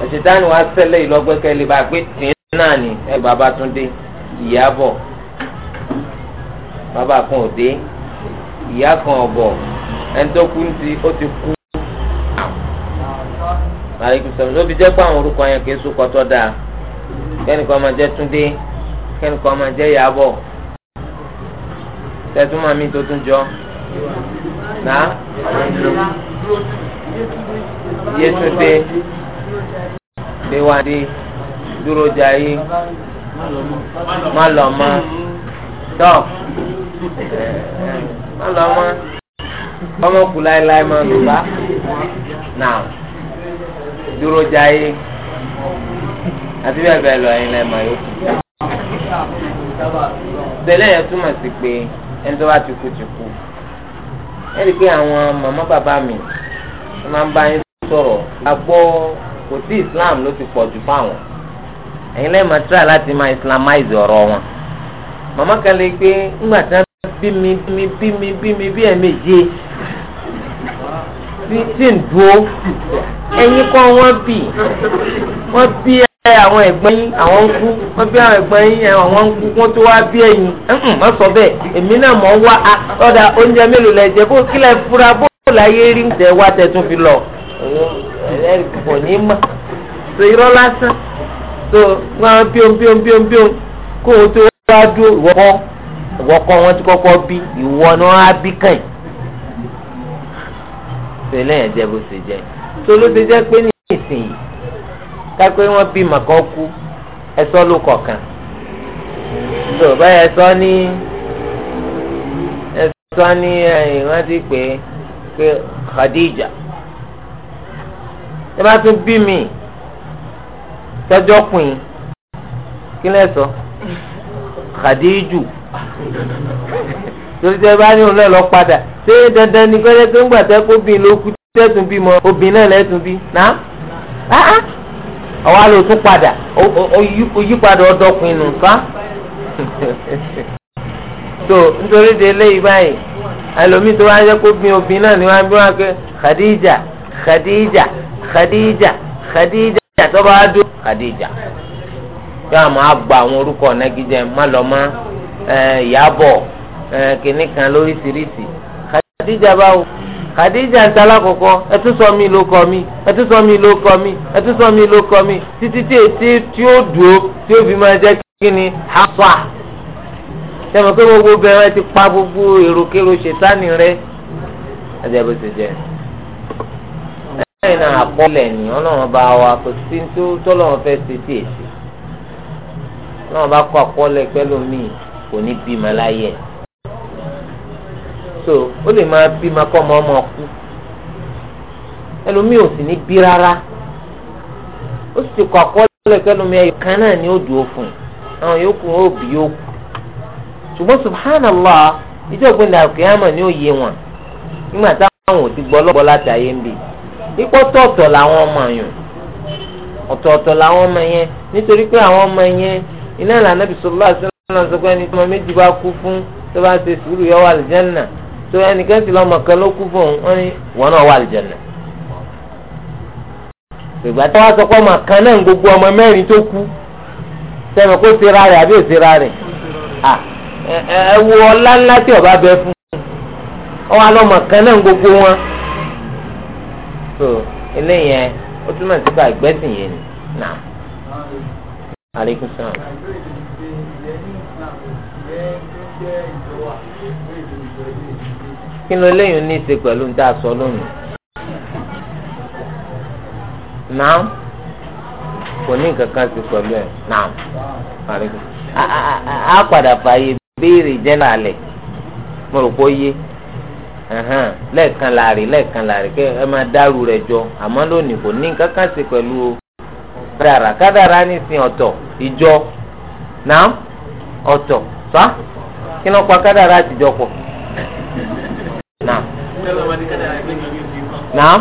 Speaker 2: àṣetáni wa sẹ́lẹ̀ ìlọ́gbẹ́kẹ́ lè bá gbé tì náà ni ẹ bàbá tún dé ìyàbọ̀ bàbá kan ò dé ìyá kan ọ̀bọ̀ ẹni tó kú ti ó ti kú. màlẹ́kùn sọ̀rọ̀ ló fi jẹ́ pé àwọn orúkọ yẹn kì í sùkọ́ tó dáa kẹ́nìkan máa jẹ́ Túndé kẹ́nìkan máa jẹ́ ìyàbọ̀ tẹ́tún máa mi tó tún jọ náà Yétúndé Déwádé dúró jayé
Speaker 3: má lọ mọ tọ má lọ mọ ọmọ kù láéláé má lò bá nà
Speaker 2: dúró jayé àti bẹ́ẹ̀ bẹ́ẹ̀ lọ ẹ̀yin lẹ́ẹ̀ma yòókù. tẹ́lẹ̀ yẹn túmọ̀ sí pé ẹni tó bá ti kú ti kú. ẹ rí pé àwọn màmá bàbá mi wọ́n máa ń bá yín sọ̀rọ̀ àgbọ̀ kò sí Islam ló ti pọ̀ jù fáwọn ẹ̀yin lẹ́yìn máa try láti máa islamize ọ̀rọ̀ wọn màmá kan lè gbé ńgbà tí wọ́n bí mi bí mi bí mi bí mi bí ẹ̀ẹ́mẹ̀je tí tí ń dúró ẹ̀yin kọ́ wọ́n bì wọ́n bí àwọn ẹ̀gbọ́n yín àwọn ń kú wọ́n bí àwọn ẹ̀gbọ́n yín àwọn ń kú wọ́n tó wá bí ẹ̀yin wọ́n sọ bẹ́ẹ̀ èmi náà mọ̀ ń wá ọ̀dà oúnjẹ mélòó lẹ jẹ bó kílẹ̀ fura bó láyé rí ń wá tẹ̀ tún fi lọ
Speaker 3: ẹ̀rẹ́ kò ní mọ̀ ṣe irọ́ lásán so wọn bíọ́n bíọ́n bíọ́n bíọ́n kó o tó wá dúró ìwọ kọ́ ìwọ kọ́ wọn ti kọ́kọ́ bí ìwọ
Speaker 2: ni wọn á bí kàn ṣe lẹ́yìn jẹ́ bó ṣe jẹ́ tó ló ṣe jẹ́ pé ní ìsìn kápẹ́ wọn bí màkàn kú ẹ̀sọ́ ló kọ̀ọ̀kan tó báyìí ẹ̀sọ́ ní ẹ̀sọ́ ní ẹ̀yìn wọn ti pè é pé Khadija ẹ bá tún bí mi tọ́jọ́ pin kí lẹ́ sọ Khadiju torí tẹ bá ní òun náà lọ padà ṣé dandan ni kọ́lẹ́ tó ń gbà tẹ́ kó bíi ló kú tẹ́tùn bí mọ obìnrin náà lẹ́tùn bí ná ọwọ́ àlọ́ tún padà oyípadà ọdọkùn inú nǹkan so nítorí de eléyìí báyìí ẹlòmíì tó wáyé kó bí obìnrin náà ni wọ́n á bí wọ́n á kẹ́ Khadija Khadija Khadija Khadija ìyàtọ̀ bá dó Khadija yóò àmọ́ àgbà àwọn orúkọ nagijẹ mọ́lọ́mọ́ ìyàbọ̀ kìnnì kan lóríṣiríṣi Khadija báwo Khadija ń tala kọ̀kọ́ ẹtú sọ mi ló kọ mi ẹtú sọ mi ló kọ mi ẹtú sọ mi ló kọ mi títí tí etí tí ó dúró tí ó fi máa jẹ́ kí ni Hafsa sẹ́mi pé gbogbo bẹ́ẹ̀ ti pa gbogbo èròkèrò ṣètánì rẹ̀ ẹ̀jẹ̀ bó ti jẹ́. lẹ́yìn náà àkọọ́lẹ̀ ni ọlọ́run bá wa kò sí tó tọ́lọ́run fẹ́ ṣe sí èsì ọlọ́run bá kọ́ àkọọ́lẹ̀ pẹ́lú mi kò ní bímọ so ó lè máa bímọ kọ́ ọmọ ọmọ kú ẹlòmíì ò sì ní bí rárá ó sì kọ́ àkọọ́lẹ̀ pẹ́lú mi ẹ̀yọ̀ kan náà ni ó dùn àwọn yòókù ipò ọ̀tọ̀ọ̀tọ̀ làwọn ọmọ yẹn ọ̀tọ̀ọ̀tọ̀ làwọn ọmọ yẹn nítorí pé àwọn ọmọ yẹn iná ìlànà bisalòlá sílẹ̀ sọ pé ẹni tí ọmọ méjì bá kú fún tó bá ṣe sùúrù yọ wà lìjẹ́nà tó ẹnìkan sì lọ́mọ kan ló kú fún òun wọ́n ní wọn náà wà lìjẹ́nà. ìgbà tó wá sọ pé ọmọ kan náà gbogbo ọmọ mẹ́rin tó kú sẹ́mi kó ṣe ra rẹ̀ àbí ò ṣe ra rẹ̀ ẹ wo ọlá ńlá tí ọba bẹ fún ọ wá lọ́mọ kan náà gbogbo wọn. so eléyẹn ó túmọ̀ sí yẹn ni nà. aleykum kí ló léyìn ní í pẹ̀lú ní tá a sọ lónìí. náà kò ní nǹkan kan a padà béèrè jẹ́ nàlẹ̀ mo ẹhàn lẹ́ẹ̀kan láàrin lẹ́ẹ̀kan láàrin kẹ ẹ máa dárú rẹ̀ jọ àmọ́ lónìí kò ní nǹkan kan ṣe pẹ̀lú kádàrá kádàrá ní sin ọ̀tọ̀ ìjọ náà ọ̀tọ̀ sá kí ló pa kádàrá àtijọ́ pọ̀ náà náà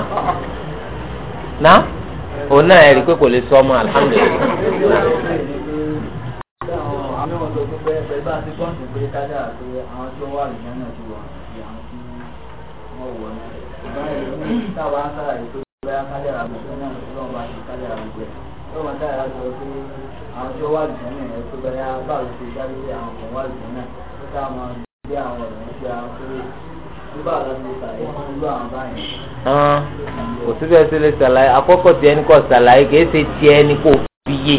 Speaker 2: náà òun náà ẹ̀rí pé kò lè sọ ọmọ alihamudulilayi.
Speaker 3: àwọn ọmọ tó ń pẹ́ bá ti gbọ́n sí pé kádàrá pé àwọn tó wà lóyún náà tó wọ̀ ní ìbáyìí ní táwa ń sára yìí tó bá kálẹ̀ ara gbogbo náà tó lọ́wọ́ bá ṣe kálẹ̀ ara gbogbo ẹ̀ lọ́wọ́ ń sára sọ pé àwọn tí ó ṣàlàyé fún irú àwọn
Speaker 2: kò ṣàlàyé kò ṣàlàyé kì ní kò fi yé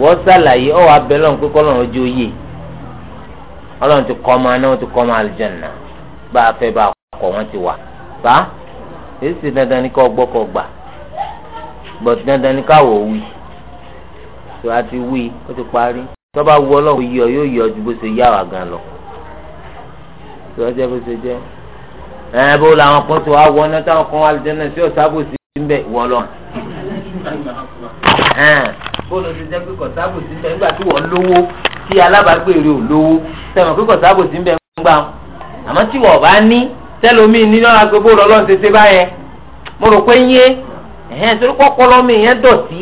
Speaker 2: wọ́n ṣàlàyé ọ̀ wá bẹ́ẹ̀ pé kọ́lọ́run ojú yé ọlọ́run ti kọ́ ọmọ aná ó ti kọ́ ọmọ àlùjànnà náà bá a fẹ́ bá a kọ̀ wọ́n ti wà bá èyí sì dandan ní ká ọgbọ́ kọ gbà but dandan ní káwọ̀ wí tó a ti wí ó ti parí tó bá wú ọlọ́run yíyọ yóò yọ ju bó ṣe yá wa gan lọ tó ọjọ́ bó ṣe jẹ́ ẹ bó làwọn kan tó wá wọ ọ́nà táwọn kan wá lẹ́jọ́ náà sí ọ̀sábò sí níbẹ̀ wọ́ lọ. bó ló ṣe jẹ́ pé kọ̀sábò sí níbẹ̀ nígbà tí wọ́n lówó tí alábàágbé rẹ̀ ò lówó sẹ́wọ̀n pé kọ̀sábò sí níbẹ̀ ń gbà wọn àmọ́ tí wọ́n bá ní tẹ́lómi ní lọ́la gbogbo rẹ̀ ọlọ́run ṣẹṣẹ báyẹn mo rò pé yé ẹ̀hẹ́n torí pọ́pọ́lọ́ mi yẹn dọ̀tí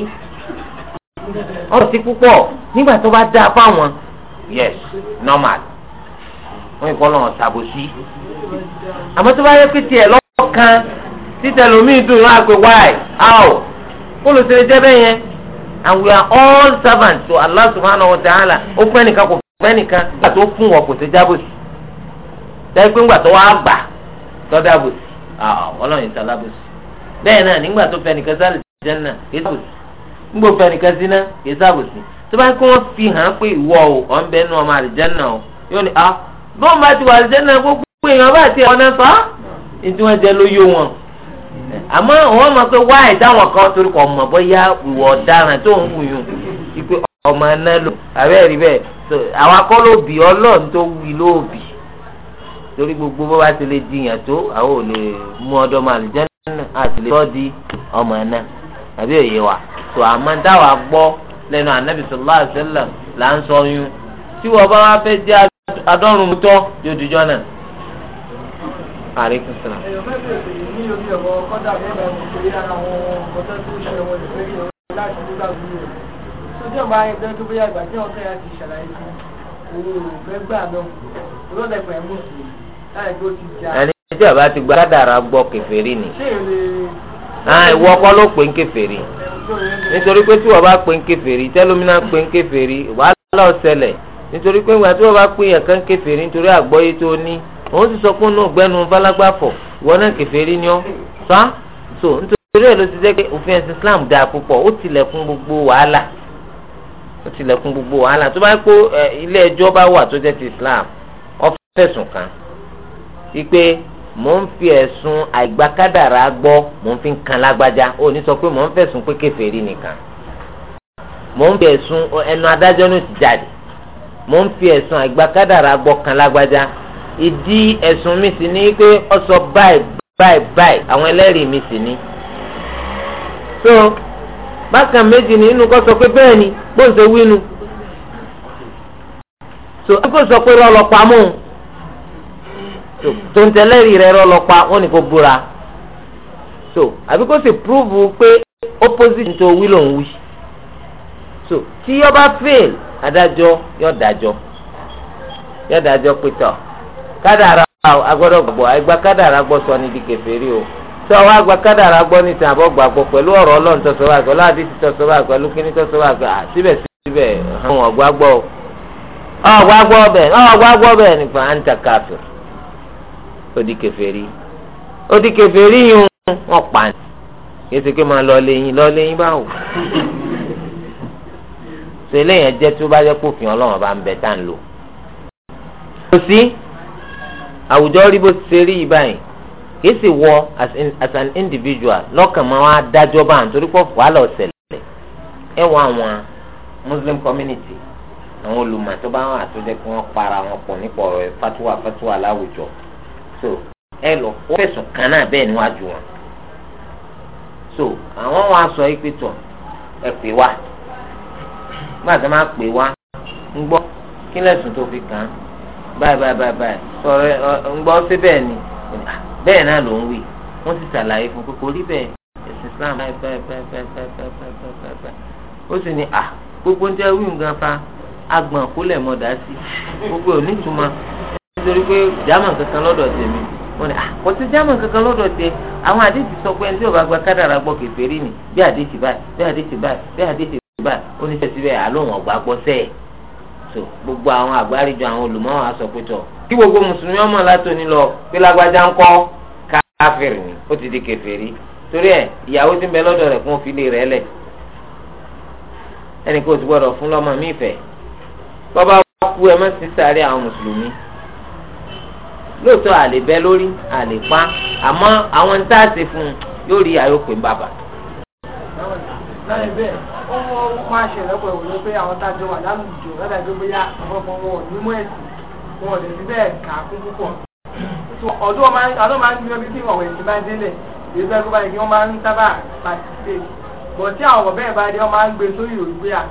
Speaker 2: ọ̀rọ̀ sí púpọ̀ nígbà tó bá dáa fáwọn yes normal wọ́n ìkọ́ lọ́wọ́ ṣàbòsí àmọ́ tó bá yẹ pé tiẹ̀ lọ́kàn títẹ̀lómi dùn lọ́la pé why how olùsèré jẹ́ bẹ́ẹ̀ yẹn and we are all servants to Allah subhanahu wa ta'ala ó pẹ́ nìkan kò pẹ́ nìkan àti ó fún wọn kò sí jábòsí. tẹ́gbẹ́ ńgbà tó wá gbà lọ́dà bùsì ọlọ́yin sọ bẹ́ẹ̀ náà nígbà tó fẹ́ nìkan sáré jẹ́ náà kì í sàbùsì ńgbò fẹ́ nìkan sí náà kì í tó bá wọ́n fi hàn pé ìwọ wọn àmọ́ wọ́n mọ̀ pé kan torí mọ̀ bóyá ọ̀daràn tó ń wù ọmọ torí gbogbo bó bá ti lè jiyàn tó àwọn ò lè mú ọ̀dọ̀ máa lè jẹun àti lè tọ́ di ọmọ náà àbí òye wa tó àmọ́ dáwà gbọ́ lẹ́nu ànábì sallallahu alaihi wasallam là ń sọ yún tí wọ́n bá wá fẹ́ jẹ́ adọ́rùn tọ́ yóò dijọ́ náà. Àríkún
Speaker 3: ẹni tí a bá ti gba kádàrá
Speaker 2: gbọ́ kèfèrí ni ìwọ kọ́ ló pè ń kèfèrí nítorí pé tí wọ́n bá pè ń kèfèrí tẹ́lómìnà pè ń kèfèrí wàhálà ọ̀sẹ̀lẹ̀ nítorí pé ìgbà tí wọ́n bá pè yàn kán kèfèrí nítorí àgbọ́yé tó ní òun sì sọ pé òun gbẹ́nu falágbáfọ̀ ìwọ náà kèfèrí ni ọ́ sá so nítorí ẹ̀ ló ti jẹ́ pé òfin ẹ̀sìn Islam dáa púpọ̀ ó tilẹ̀kùn gbogbo wàhálà ó tilẹ̀kùn gbogbo wàhálà tó bá kó ilé ẹjọ́ bá wà tó jẹ́ ti Islam ó fẹ̀sùn kàn wípé mò ń fi ẹ̀sùn àìgbàkádàrá gbọ́ mò ń fi kan lágbájá ó ní sọ pé mò ń fẹ̀sùn pé kèfèrí nìkan mò ń fi ẹ̀sùn ẹnu adájọ́ ní ti jáde mò ń fi ẹ̀sùn àìgbàkádàrá gbọ́ kan lágbájá ìdí ẹ̀sùn mi sì ni pé ó sọ báyìí báyìí báyìí àwọn ẹlẹ́rìí mi sì ni. so bákan méjì ni inú kọ́ sọ pé bẹ́ẹ̀ ni bó ń ṣe wí nu so ẹ kò sọ pé rọ́ lọ pamọ́ òun. tó ń tẹ́lẹ̀ rí rẹ so àbí kó sì prove pé opposite tó so tí yọ bá fail adajọ yọ dájọ́ yọ dájọ́ pétọ́ kádàrá agbọdọ gbọ́ àgbà kádàrá gbọ sọ di o tí ọwọ́ àgbà kádàrá gbọ ní ìtàn àbọ̀gbà gbọ pẹ̀lú ọrọ ọlọ́run tó sọ wá àdìsí tó sọ wá kíní tó sọ wá ó di kèfèrí
Speaker 3: ó di kèfèrí yìí
Speaker 2: wọ́n pa ni yéésì pé máa lọ lẹ́yìn lọ lẹ́yìn báwo ṣe eléyàn jẹ́ tí ó bá jẹ́ pófin ọlọ́run bá ń bẹ tá ń lò. kò sí àwùjọ rí bó ṣe rí yìí báyìí kì í sì wọ as an individual lọ́kàn máa wá dájọ́ bá àǹtorí pọ̀ wàhálà ọ̀sẹ̀lẹ̀ ẹ wọ àwọn muslim community àwọn olùmọ̀ tó bá wà tó jẹ́ kí wọ́n para wọn pọ̀ nípa ọ̀rọ̀ fatuwa fatuwa láwùjọ so ẹ lọ wọ́n fẹ̀sùn kan náà bẹ́ẹ̀ níwájú wọn so àwọn wọn aṣọ ìpè tọ̀ ẹ pè wá nígbà tí wọ́n máa pè wá ń gbọ́ kí lẹ́sùn tó fi kàn án báyìí báyìí báyìí báyìí sọ̀rọ̀ ń gbọ́ sí bẹ́ẹ̀ ni bẹ́ẹ̀ náà ló ń wí wọ́n sì ṣàlàyé fún pé kò rí bẹ́ẹ̀ ẹ̀sìn Islam báyìí báyìí báyìí báyìí báyìí báyìí ó sì ní à gbogbo ń jẹ́ wíwùn gan fa agbọ̀n kólẹ̀ mọ́ dá sí gbogbo ò nítumọ̀ nítorí pé german kankan lọ́dọ̀ tèmi wọ́n ní ah, kò sí german kankan lọ́dọ̀ tẹ àwọn àdéhùn sọ pé ẹni tí ò bá gba kádàrà gbọ́ kèfèrí ni bí àdéhùn báyìí bí àdéhùn báyìí bí àdéhùn báyìí oníṣẹ́síbẹ̀ àlóhùn ọ̀gbà gbọ́ sẹ́ẹ̀ so gbogbo àwọn àgbáríjọ àwọn olùmọ̀ọ́ àsọpẹ́tọ̀ kí gbogbo mùsùlùmí ọmọ látòní lọ pé lágbájá ń kọ́ káfíìrì ni ó ti di kèfèrí torí ẹ ìyàwó ti ń bẹ lọ́dọ̀ rẹ̀ fún òfìlè rẹ̀ lẹ̀ ẹnì kò sì gbọdọ̀ fún lọ́mọ mi ìfẹ́ bọ́bá kú ẹ mọ́ sí sáré àwọn mùsùlùmí lóòótọ́ àlè bẹ́ lórí àlè pa àmọ́ àwọn ń tá a ṣe fún un yóò rí àyòpè bàbà.
Speaker 3: láì bẹ́ẹ̀ ó máa ṣẹlẹ̀ pẹ̀lú ìwé pé àwọn tájọ wà lálùjọ ládàá gbé bóyá ọ̀pọ̀pọ̀ wọn ò ní mú ẹ̀sìn wọn ò lè fi bẹ́ẹ̀ kà á kún púpọ̀. ọ̀dọ́ máa ń gbìyànjú bí ìwọ̀n ẹ̀sìn bá délẹ̀ èyí bẹ́ẹ̀ kó báyìí kí wọ́n máa ń sábà participate bọ̀ tí àwọn bẹ́ẹ̀ bá dé wọ́n máa ń gbé sórí ìròyìn pé à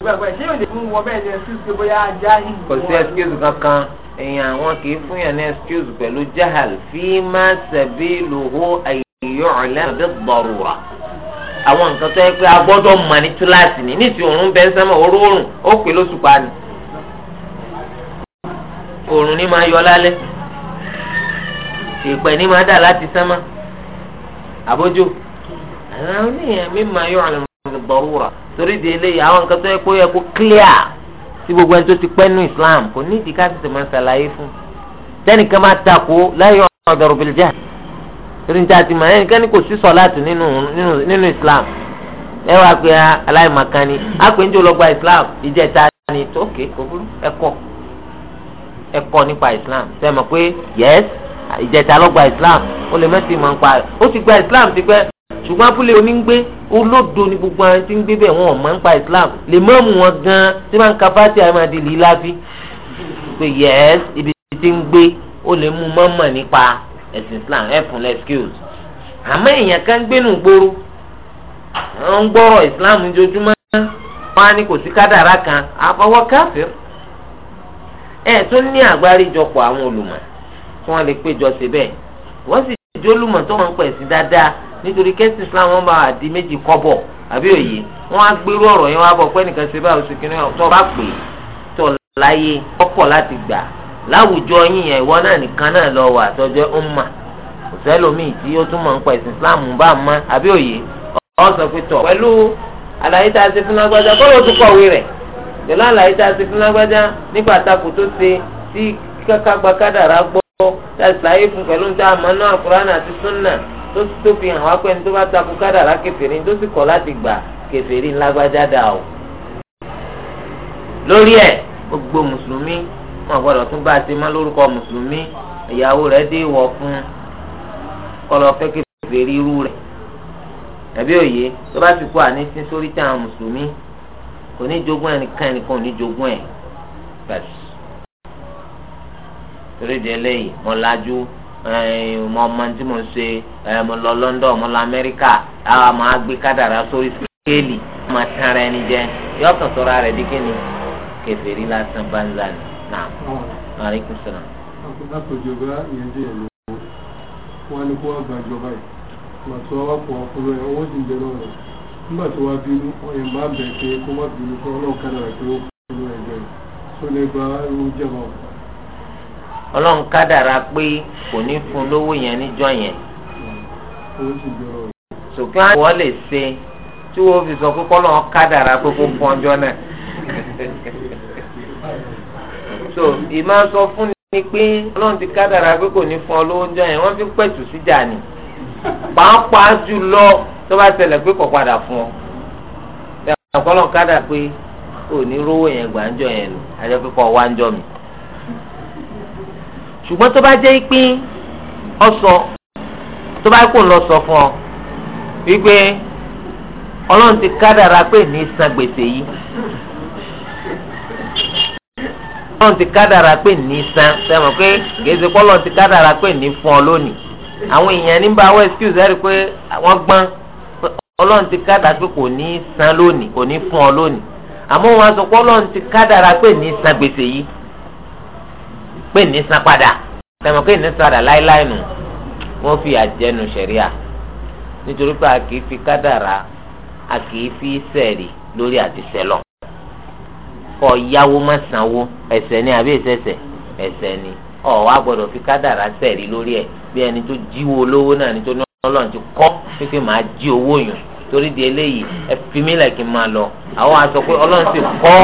Speaker 3: ìgbàgbọ́ ṣé yóò lè fún wọn bẹ́ẹ̀
Speaker 2: èèyàn àwọn kì í fún yàn ní excuse pẹ̀lú jahal fíìmà sẹ̀bí lòhó àyèyọ́ ọ̀lẹ́ ọ̀dẹ́ gbọ̀rùrà. àwọn nǹkan tó yẹ pé a gbọ́dọ̀ mọ̀ ní túláàsì ní nítorí òórùn bẹ́ẹ̀ sẹ́mọ̀ òórùn ó pè lóṣù pa ni. òórùn ni máa yọ lálẹ́ ìpẹ́ ni máa dà láti sẹ́mọ̀ àbójú. àwọn oníyàn mi máa yọ ọ̀lẹ́ ọ̀dẹ́ torí di eléyìí àwọn nǹkan tó yẹ kó yẹ kó clear tí gbogbo ẹni tó ti pẹ́ nu islam kò ní ìdí ká tètè máa ṣàlàyé fún tẹnìkan máa takò láyé ọ̀dọ̀rọ̀ bìlìjà torí níta ti mọ̀ ẹnìkan ní kò sí sọ̀láàtù nínú nínú islam ẹ wá pé aláìmọ̀kan ni a pè ń jò lọ́gba islam ìjẹta ni tó ké kò burú ẹ̀kọ́ ẹ̀kọ́ nípa islam ṣe mọ̀ pé yẹ́sì ìjẹta lọ́gba islam ó lè mẹ́sì mọ̀ nípa ó ti gba islam ti pẹ́ ṣùgbọ́n abúlé onígbé olódo ni gbogbo àwọn tí ń gbé bẹ́ẹ̀ wọn ò máa ń pa islam lè má mú wọn gan tí máa ń ka bá ti àwọn àdìlì ìlàfi pé yẹ́s ibi tí ń gbé ó lè mú mọ́mọ́ nípa ẹ̀sìn islam ẹ̀ fún lẹ́skíwùs àmọ́ èèyàn kan gbénú gbòòrò wọ́n ń gbọ́rọ̀ islam ojoojúmọ́ wọn á ní kò sí kádàrá kan àfọwọ́ káfíìn ẹ̀ tún ní àgbáríjọpọ̀ àwọn olùmọ̀ tí wọ́n lè péjọ síbẹ̀ wọ́n sì jólùmọ̀ tó máa ń pẹ̀sìn dáadáa nítorí kẹ́sì islam wọn bá àdí méjì kọ́bọ̀ àbí òye wọn á gbérú ọ̀rọ̀ yẹn wọn á bọ̀ pé nìkan ṣe báyìí oṣù kìnìún tó bá pè é tó láyé ọkọ̀ láti gbà láwùjọ yín yẹn ìwọ náà nìkan náà lọ wà àtọ́jọ́ umma kò sẹ́lòmíì tí ó túmọ̀ nípa ẹ̀sìn islam bá a mọ́ àbí òye ọ̀ sọ pé tọ̀ pẹ̀lú àlàyé tá a ṣe fún lágbájá kọ́ ló tún kọ̀wé rẹ̀ pẹ̀lú àlàyé tá a ṣe fún lágbájá nígbà takò tó ṣe tí kákágbá kádàrá gbọ́ tá a ṣàlàyé fún pẹ̀lú ní tá a mọ̀ náà Kùránì àti súnà tó tó fi hàn wá pé ní tó bá takú kádàrá kèfèrí ní tó sì kọ̀ láti gbà kèfèrí ńlágbájá dà o. lórí ẹ̀ gbogbo mùsùlùmí wọn gbọ́dọ̀ tún bá a ṣe mọ́ lórúkọ mùsùlùmí ìyàwó rẹ̀ dé wọ̀ fún kọlọ fẹ́ kèfèrí irú rẹ̀ ẹ̀bí òye tó bá ti kú àní sí sórí tí àwọn mùsùlùmí kò ní jogún ẹnìkan ẹnìkan ò ní jogún ẹ̀ torí di eléyìí mọ́lájú. mo mọ tí mo ṣe mo lọ London mo lọ ma àwa máa gbé kádàrá sórí skéèlì máa tán ẹni jẹ yóò kàn sọra rẹ di lásán banza ni yẹn wọn
Speaker 3: ni kó gba ìjọba yìí mà tó pọ̀ ọkùnrin owó sì ń bẹ nígbà tó bínú ọyàn bá pé kó bínú kọ́
Speaker 2: ọlọ́run kádàrá pé kò ní fún lówó yẹn níjọ́ yẹn sòkè àwọn lè ṣe tí wọ́n fi sọ pé kọ́lọ́run kádàrá pé kó fún ọjọ́ náà so ìmọ̀ sọ fún ni pé ọlọ́run ti kádàrá pé kò ní fún ọ lówó níjọ́ yẹn wọ́n fi pẹ̀tù síjà ni pàápàá jùlọ tó bá ṣẹlẹ̀ pé kò padà fún ọ kọ́lọ́run kádàrá pé kò ní rówó yẹn gbàǹjọ yẹn lò àjẹpẹ́ kọ́ wá ń jọ mi ṣùgbọ́n tó bá jẹ́ pín ọ̀sọ̀ tó bá kò lọ sọ fún ọ wípé ọlọ́run ti kádàrá pé ní san gbèsè yìí ọlọ́run ti kádàrá pé ní san sẹ́wọ̀n pé gèsè pọ́lọ́run ti kádàrá pé ní fún ọ lónìí àwọn èèyàn ní bá wọ́n excuse ẹ̀rí pé wọ́n gbọ́n ọlọ́run ti kádàrá pé kò ní san lónìí kò ní fún ọ lónìí àmọ́ wọn sọ pé ti kádàrá pé ní san gbèsè yìí pé ní san padà tẹmọ pé ìnísàdà láéláé nù wọn fi àjẹnu ṣẹríà nítorí pé a kì í fi kádàrà a kì í fi sẹẹrì lórí àti sẹlọ kọ yáwó má sanwó ẹ̀ṣẹ̀ ni àbí ẹsẹsẹ ẹ̀ṣẹ̀ ni ọ wá gbọ́dọ̀ fi kádàrà sẹẹrì lórí ẹ bí ẹni tó jíwó olówó náà ni tó ní Ọlọ́run ti kọ pípé màá jí owó yùn torí di eléyìí ẹ fi mí lẹ máa lọ àwọn aṣọ pé Ọlọ́run ti kọ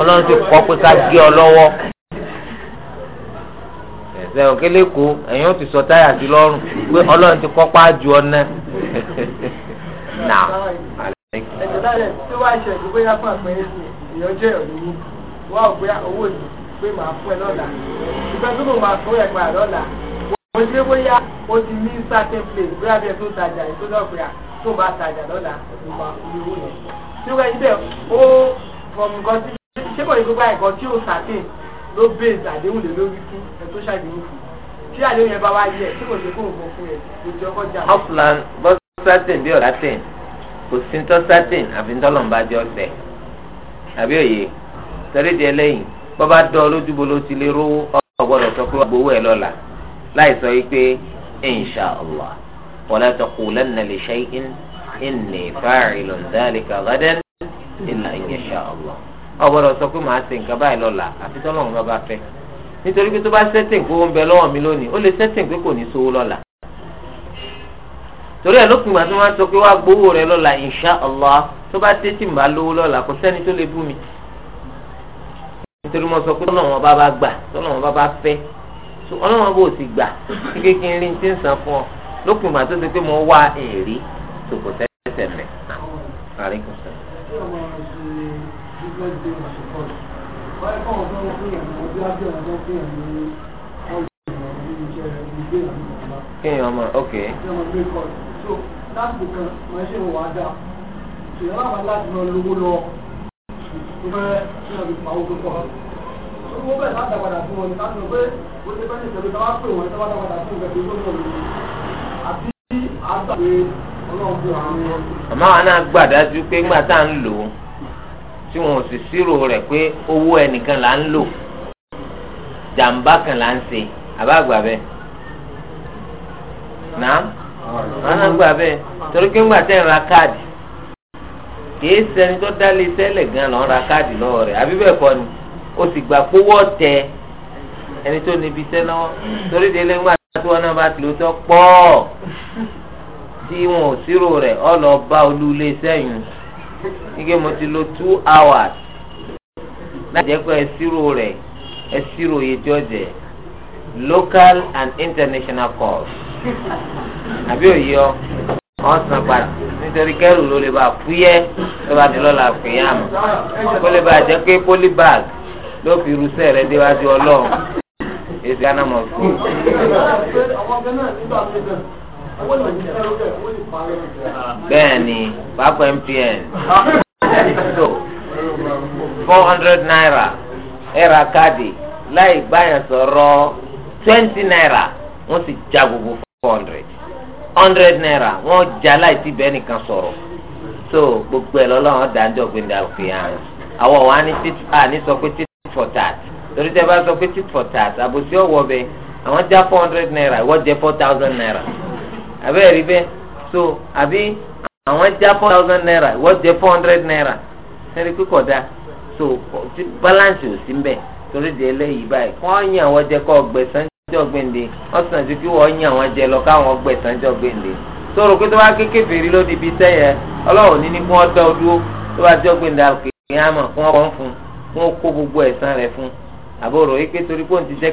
Speaker 2: Ọlọ́run ti kọ pé ká gé ọ lọ́wọ́ ṣe òkèlè kó ẹ̀yin ó ti sọ táyà sí lọ́rùn pé ọlọ́run ti kọ́pá ju ọ̀nà.
Speaker 1: ẹ̀jẹ̀ láyẹ̀
Speaker 3: tí wàá ṣe ìdúgbò yá fún àpẹẹrẹ sí ìyànjú ẹ̀ òní wá ò pé owó yìí pé màá fún ẹ lọ́la ìgbà tó mọ̀ máa fún ẹ̀ pa lọ́la mo ṣe bóyá o ti ní certain place bóyá bí ẹ tó tajà ètò lọ́pẹ́ tó bá tajà lọ́la mo máa fún owó yẹn tí wọ́n ẹ̀ ó fọmùkọ́ sí ṣé kò ní gbogbo àìkọ́ tí ó sàtìn ló bèèzì àdéhùn social media tí àlẹ́ yẹn bá wá yẹ tí kò ṣe kó òògùn fún yẹn kò jẹ́ ọkọ̀ jà.
Speaker 2: offline bọ́ sátìn bí ọ̀dà tìn kò sí tọ́ sátìn àfi tọ́lọ̀mùbá jẹ́ ọ̀sẹ̀ àbí òye torí di ẹlẹ́yìn bọ́ bá dọ́ lójúbo ló ti lè ọgbọ́dọ̀ sọ pé gbowó ẹ̀ lọ́la láì sọ insha allah wala taqulanna li shay'in inni fa'ilun dhalika ghadan illa in sha allah ọgbọ́dọ̀ sọ pé màá ṣe nǹkan lọ́la àfi tọ́lọ̀mùbá bá fẹ́ nítorí pé tó bá sẹ́tìn pé ó ń bẹ lọ́wọ́ mi lónìí ó lè sẹ́tìn pé kò ní sówó lọ́la torí ẹ̀ lópin ìgbà tí wọ́n sọ pé wàá gbowó rẹ lọ́la insha Allah tó bá tẹ́tì ń bá lówó lọ́la kò sẹ́ni tó lè bú mi nítorí mo sọ pé tọ́lọ́wọ́n bá bá gbà tọ́lọ́wọ́n bá bá fẹ́ ọlọ́wọ́n bó ti gbà kíkẹ́ kí n rí ti ń san fún ọ lópin ìgbà tó ti pé mo wá èrè tó kò sẹ́sẹ̀ mẹ́ àríkùsọ kéèyàn ọmọ ok.
Speaker 3: láti kan máa ṣe wà á dà ṣèyàn láwọn láti lọ lówó lọ tó fẹ́ ṣe ọ̀bí pàwọ́ tó pọ̀ owó bẹ́ẹ̀ láti dàgbàdà fún wọn láti lọ pé ó ti fẹ́ẹ́ ṣẹlẹ̀ tó bá pè wọ́n tó bá dàgbàdà fún ìgbàgbé tó lọ lórí àti àgbàgbé ọlọ́run fún àwọn ọmọ. àmọ́ àwọn náà gbàdájú
Speaker 2: pé ńgbà tá à ń lò ó tí wọn ò sì sírò rẹ̀ pé owó ẹnìkan là ń lò jàǹbá kan là ń ṣe àbá àgbà bẹ́ẹ̀ nà án àgbà bẹ́ẹ̀ torí pé ńgbà tẹ́ ń ra káàdì kìí ṣẹni tó dálé sẹ́lẹ̀ gan lọ́n ra káàdì lọ́wọ́ rẹ̀ àbí bẹ́ẹ̀ kọ́ ni o sì gbà kówó tẹ ẹni tó níbi iṣẹ́ lọ́wọ́ torí délé ńgbà tí wọn náà bá tìlú tó pọ̀ tí wọn ò sírò rẹ̀ ọ lọ bá olúlé sẹ́yìn ike mo ti lo two hours láti jẹ́ pé ẹ sírò rẹ̀ ẹ ṣírò jẹ local and international calls. àbí òye ọ wọn san padà nítorí kẹrù ló lè bá fúyẹ́ tó bá di lọ́la fìyàmù kó lè bá jẹ́ pé polybag ló fi irúsẹ́ rẹ déwájú ọlọ́run èsì ghana mọ̀ fún un. bẹ́ẹ̀ni pápá MTN four hundred naira ẹ ra káàdì láì báyàn sọ̀rọ̀ twenty naira wọ́n sì já gbogbo four hundred hundred naira wọ́n já láì tí bẹ́ẹ̀ nìkan sọ̀rọ̀ so gbogbo ẹ̀ lọ́lọ́run dájọ́ gbẹ̀ndẹ̀ àfihàn àwọn wa ní tit a ní sọ pé tit for tat torí tẹ́ bá sọ pé tit for tat àbòsí ọ̀wọ́ bẹ àwọn já four hundred naira ìwọ jẹ four thousand naira àbẹ́ẹ̀ rí bẹ́ẹ̀ so àbí àwọn já four thousand naira ìwọ jẹ four hundred naira ẹ̀rí kíkọ̀ dáa. so balance ò sí mbẹ torí de eléyìí báyìí kí wọ́n yàn wọ́n jẹ ọgbẹ sanjọ gbẹ̀ǹde sàn ju kí wọ́n yàn wọ́n jẹ lọ káwọn ọgbẹ sanjọ gbẹ̀ǹde pé tó bá kéke fèrè di ibi sẹ́yẹ ọlọ́run ní ní kí wọ́n dá o dúró tó bá jọ gbẹ̀ǹde wọ́n kọ́ fún wọ́n kó gbogbo ẹ̀sán rẹ̀ fún àbúrò yìí pé torí pé òun ti jẹ́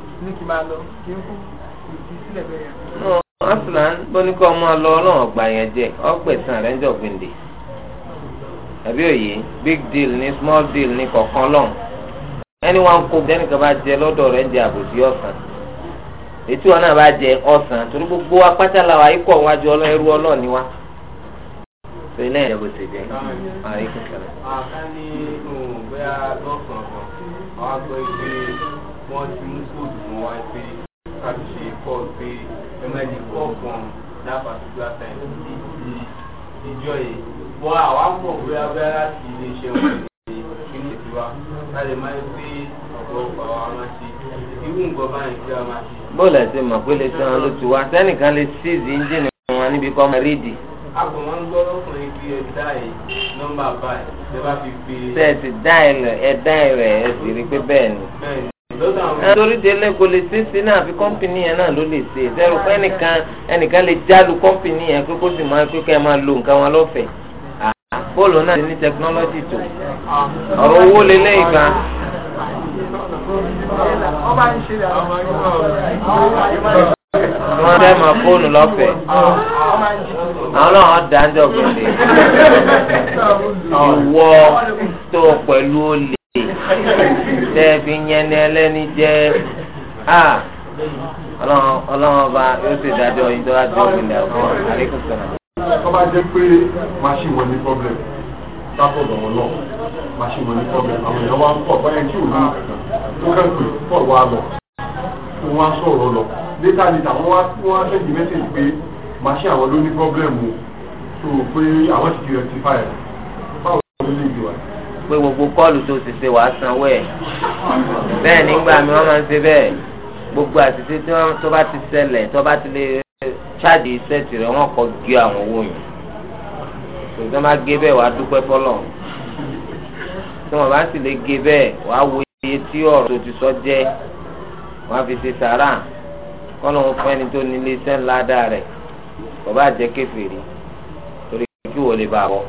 Speaker 3: ní kí máa lọ kí n kú kò sí sílẹ̀ bẹ́ẹ̀ yẹn. asùnà
Speaker 2: bóni kọ́ ọmọ lọ ọlọ́run ọgbà yẹn jẹ ọgbẹ̀sán rẹ̀ ń jọ gbèǹde àbí òye big deal ni small deal ni kọ̀ọ̀kan lọ́hùn ẹni wọn kó ẹnìkan bá jẹ lọ́dọ̀ rẹ̀ ń jẹ àbòsí ọ̀sán ètò wọn náà bá jẹ ọ̀sán torí gbogbo wa pátá la wa ikọ̀ wájú ọlọ́run ẹrú ọlọ́ọ̀ni wa so ilé yẹn bó ti jẹ
Speaker 1: àyíkú kẹrẹ.
Speaker 3: àká ní bóyá lọ́sàn-án kan wọ́n ti mú kóòdù fún wa pé káfí ṣe kọ́ pé mẹ́lì kọ́ fún that particular time ti ti ìjọ yìí wọ́n àwa pọ̀ bóyá bóyá láti iléeṣẹ́ wọn ní ìpínlẹ̀ tiwa láti máa ń pé ọ̀pọ̀ ọ̀pọ̀ àwọn máa ṣe irú nǹkan báyìí kí wọ́n máa ṣe.
Speaker 2: bóòlù ẹ̀sìn mọ̀ pé iléeṣẹ́ wọn ló ti wá sẹ́nìkan lè ṣíìsì íńjìnì wọn níbi kọ́ máa rídìí
Speaker 3: agbọ̀nmọ́ ń gbọ́ lọ́kùnrin bí ẹ dá ẹ nọ́mbà báyìí ẹ bá fi sì rí
Speaker 2: pé bẹ́ẹ̀ ni torí délé kò lè ṣe é ṣe náà àfi kọ́mpìnì yẹn náà ló lè ṣe ìṣẹ́rù pé ẹnìkan ẹnìkan lè jálu kọ́mpìnì yẹn pé kó sì máa pé kẹ́ ẹ máa lo nǹkan wọn lọ́fẹ̀ẹ́ bóòlù náà ti ní tẹkinọ́lọ́jì tó ọ̀rọ̀ owó lélẹ́ ìgbà.
Speaker 3: wọ́n fẹ́ máa fóònù lọ́fẹ̀ẹ́ àwọn náà dáńjọ́ gbèsè ìwọ
Speaker 2: tó pẹ̀lú olè tẹ́ẹ̀fì yẹn ní ẹlẹ́ni jẹ́ a ọlọ́run ọba yóò ṣe ìdájọ́ ìjọba jọ ìpínlẹ̀ ọ̀gbọ́n àríkùn sọ̀rọ̀.
Speaker 3: tọ́ba jẹ́ pé machine wọ̀ ní problem sáfọ̀dọ̀ wọn lọ machine wọ̀ ní problem àwọn èèyàn wá ń pọ̀ báyẹn tí ò ní tó kẹ́kọ̀ọ́ pọ̀ wá lọ kó wá sọ̀rọ̀ lọ létà ni tàwọn wá wá ṣẹ́jì mẹ́sẹ̀jì pé machine àwọn ló ní problem o tó pé àwọn ti rectify ẹ̀ pé gbogbo kọ́ọ̀lù tó ti ṣe wàá sanwó ẹ̀ bẹ́ẹ̀ nígbà mi wọ́n
Speaker 2: máa ń ṣe bẹ́ẹ̀ gbogbo àṣìṣe tí wọ́n tó bá ti ṣẹlẹ̀ tó bá ti lè ṣáàdì iṣẹ́ tirẹ̀ wọ́n kọ́ gé àwọn owó yẹn tó tó má gé bẹ́ẹ̀ wàá dúpẹ́ fọlọ́ tí wọ́n bá sì lè gé bẹ́ẹ̀ wàá wo iye tí ọ̀rọ̀ tó ti sọ jẹ́ wàá fi ṣe sàrà kọ́nà wọn fún ẹni tó nílé iṣẹ́ ńlá dáa rẹ̀ kò bá jẹ́ kéfèrè torí kí wọ́n lè bá a bọ̀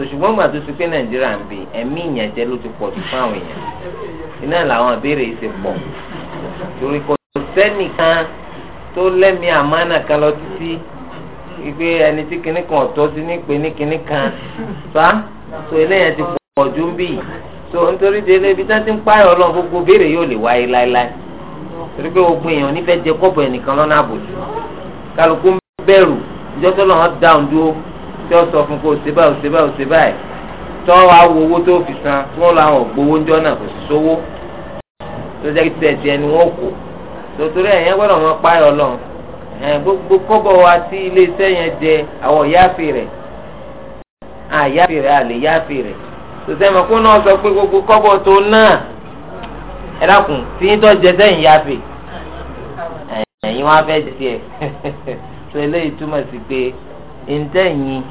Speaker 2: sòṣùgbọ́n gbà tó ti pé nàìjíríà ń bè ẹ̀mí ìyànjẹ ló ti pọ̀ jù fún àwọn èèyàn iná làwọn ìbéèrè yìí ti pọ̀ torí kò sẹ́nìkan tó lẹ́mí àmánà kan lọ títí wípé ẹni tí kinní kan ọ̀tọ̀ sí ní pé ní kinní kan fa so eléyàn ti pọ̀ jù ń bì so nítorí délé ibi tá ti ń pààyàn ọlọ́run gbogbo béèrè yóò lè wáyé láéláé torí pé ogun èèyàn nífẹ̀ẹ́ jẹ kọ́bọ̀ ẹnìkan lọ́nà àbòjù kálukú bẹ̀rù ìjọ́tọ́ tí ó sọ fún kó o ṣe báyìí o ṣe báyìí o ṣe báyìí tó owó tó fi san tí gbowó náà kò sí sówó tó jẹ́ gbogbo kọ́bọ̀ wa tí yẹn jẹ àwọn yáàfì rẹ̀ àyáàfì rẹ̀ àlè yáàfì rẹ̀ tòtẹ́ mọ̀ kó sọ pé gbogbo kọ́bọ̀ tó náà ẹ dákun tí ń tọ́ jẹ sẹ́yìn yáàfì ẹ̀yìn wọn á fẹ́ jẹ tiẹ̀ tó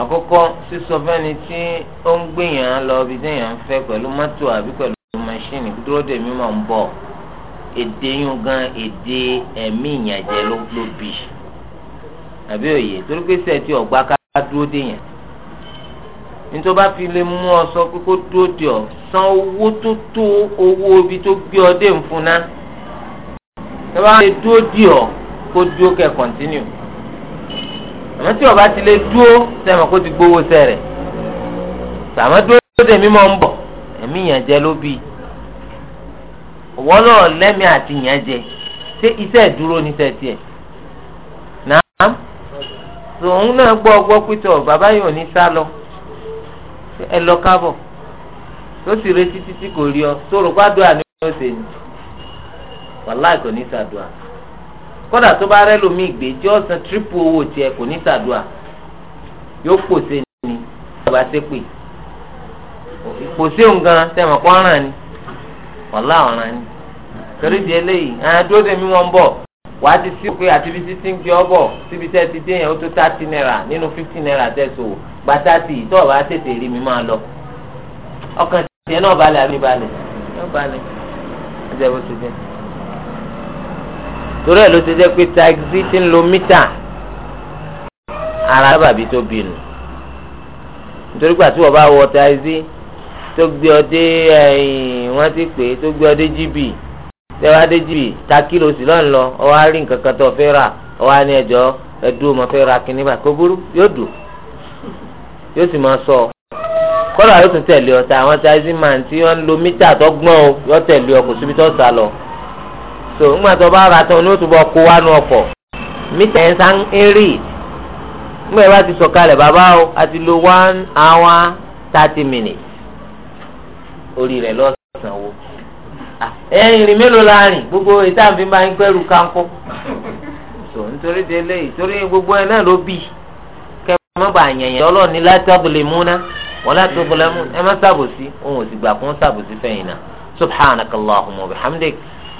Speaker 2: àkọ́kọ́ sísọ fẹ́ni tí ó ń gbìyàn lọ ibi téèyàn ń fẹ́ pẹ̀lú mọ́tò àbí pẹ̀lú mọ́ṣíìnì dúró dè mí mọ̀ ń bọ̀ èdè yún gan èdè ẹ̀mí ìyànjẹ ló bì àbí òye torí pé sẹ́ẹ̀tì ọ̀gbá ká dúró dè yẹn nítorí bá fi lè mú ọ sọ pé kó dúró dè ọ san owó tó tó owó ibi tó gbé ọ ń fún ná ẹ bá lè dúró dè ọ kó dúró kẹ́ kọ́ntínú. àmọ́ tí ọba ti lè dúró sẹ́wọ̀n kó ti gbowó sẹ́rẹ̀ sàmọ́ dúó tèmi mọ̀ ń bọ̀ ẹ̀mí yẹn jẹ ló bí wọ́n náà lẹ́mí àti yẹn jẹ ṣé iṣẹ́ ìdúró ní sẹ́ tiẹ̀ náà tòun náà gbọ́ ọgbọ́ pítọ̀ bàbá yìí ò ní sá lọ ẹ lọ kábọ̀ tó sì retí títí kò rí ọ tó rò pàdó àníwọ̀n ṣe ni wàláì kò ní sàdùà. kódà tó bá rẹ́ lómi ìgbé tí ó san tírípù owó tiẹ̀ kò ní sàdúà yóò pòṣe ni ìgbà sépè pòṣe nǹkan tẹ̀wọ̀n kọ́ ọ̀ràn ni wàlá ọ̀ràn ni torí di eléyìí àwọn dúró de mi wọ́n ń bọ̀ wà á ti sí pé àti ibi títí ń gbé ọ bọ̀ síbi tẹ́ ti dé yẹn ó tó thirty naira nínú fifty naira tẹ̀sọ̀ gba thirty tó o bá tètè rí mi máa lọ ọkàn tiẹ̀ náà balẹ̀ àbí balẹ̀ náà balẹ̀ ẹ̀jẹ̀ bó ti dé torí ẹ̀ ló ti jẹ́ pé táxi ti ń lo mítà ara bàbí tó bínú nítorí pàtí wọ́n bá wọ táxi tó gbé ọ dé wọ́n ti pè é tó gbé ọ dé jíbì tẹ́wá dé jíbì ta kílò sí lọ́n lọ ọwọ́ á rí nǹkan kan tó fẹ́ rà ọwọ́ á ní ẹjọ́ ẹdú mo fẹ́ ra kíní bá kó burú yóò dùn yóò sì máa sọ kọ́lá yóò tún tẹ̀lé ọ̀tá àwọn táxi man tí wọ́n ń lo mítà tó gbọ́n o yóò tẹ̀lé ọ kò síbi tó sá lọ so ńgbà tó bá ra tán ni ó túbọ̀ kó wánu ọkọ̀ mítà ẹ̀ sá ń rì ńgbà yẹn bá ti sọ̀kalẹ̀ bàbá o a ti lo one hour thirty minutes orí rẹ̀ lọ́sàn-án wo ẹ̀yìn rìn mélòó la rìn gbogbo ìtàǹfin máa ń pẹ́rù kánkó so nítorí délé ìtorí gbogbo ẹ̀ náà ló bì kẹ́ ẹ má bàa yẹ̀yẹ̀ ọlọ́ọ̀ni látàbùlẹ̀ múná wọ́n látàbùlẹ̀ múná ẹ má ṣàbòsí òun ò sì gbà fún ṣàbòsí fẹ́yìn náà subhanakallahumma wa bihamdik.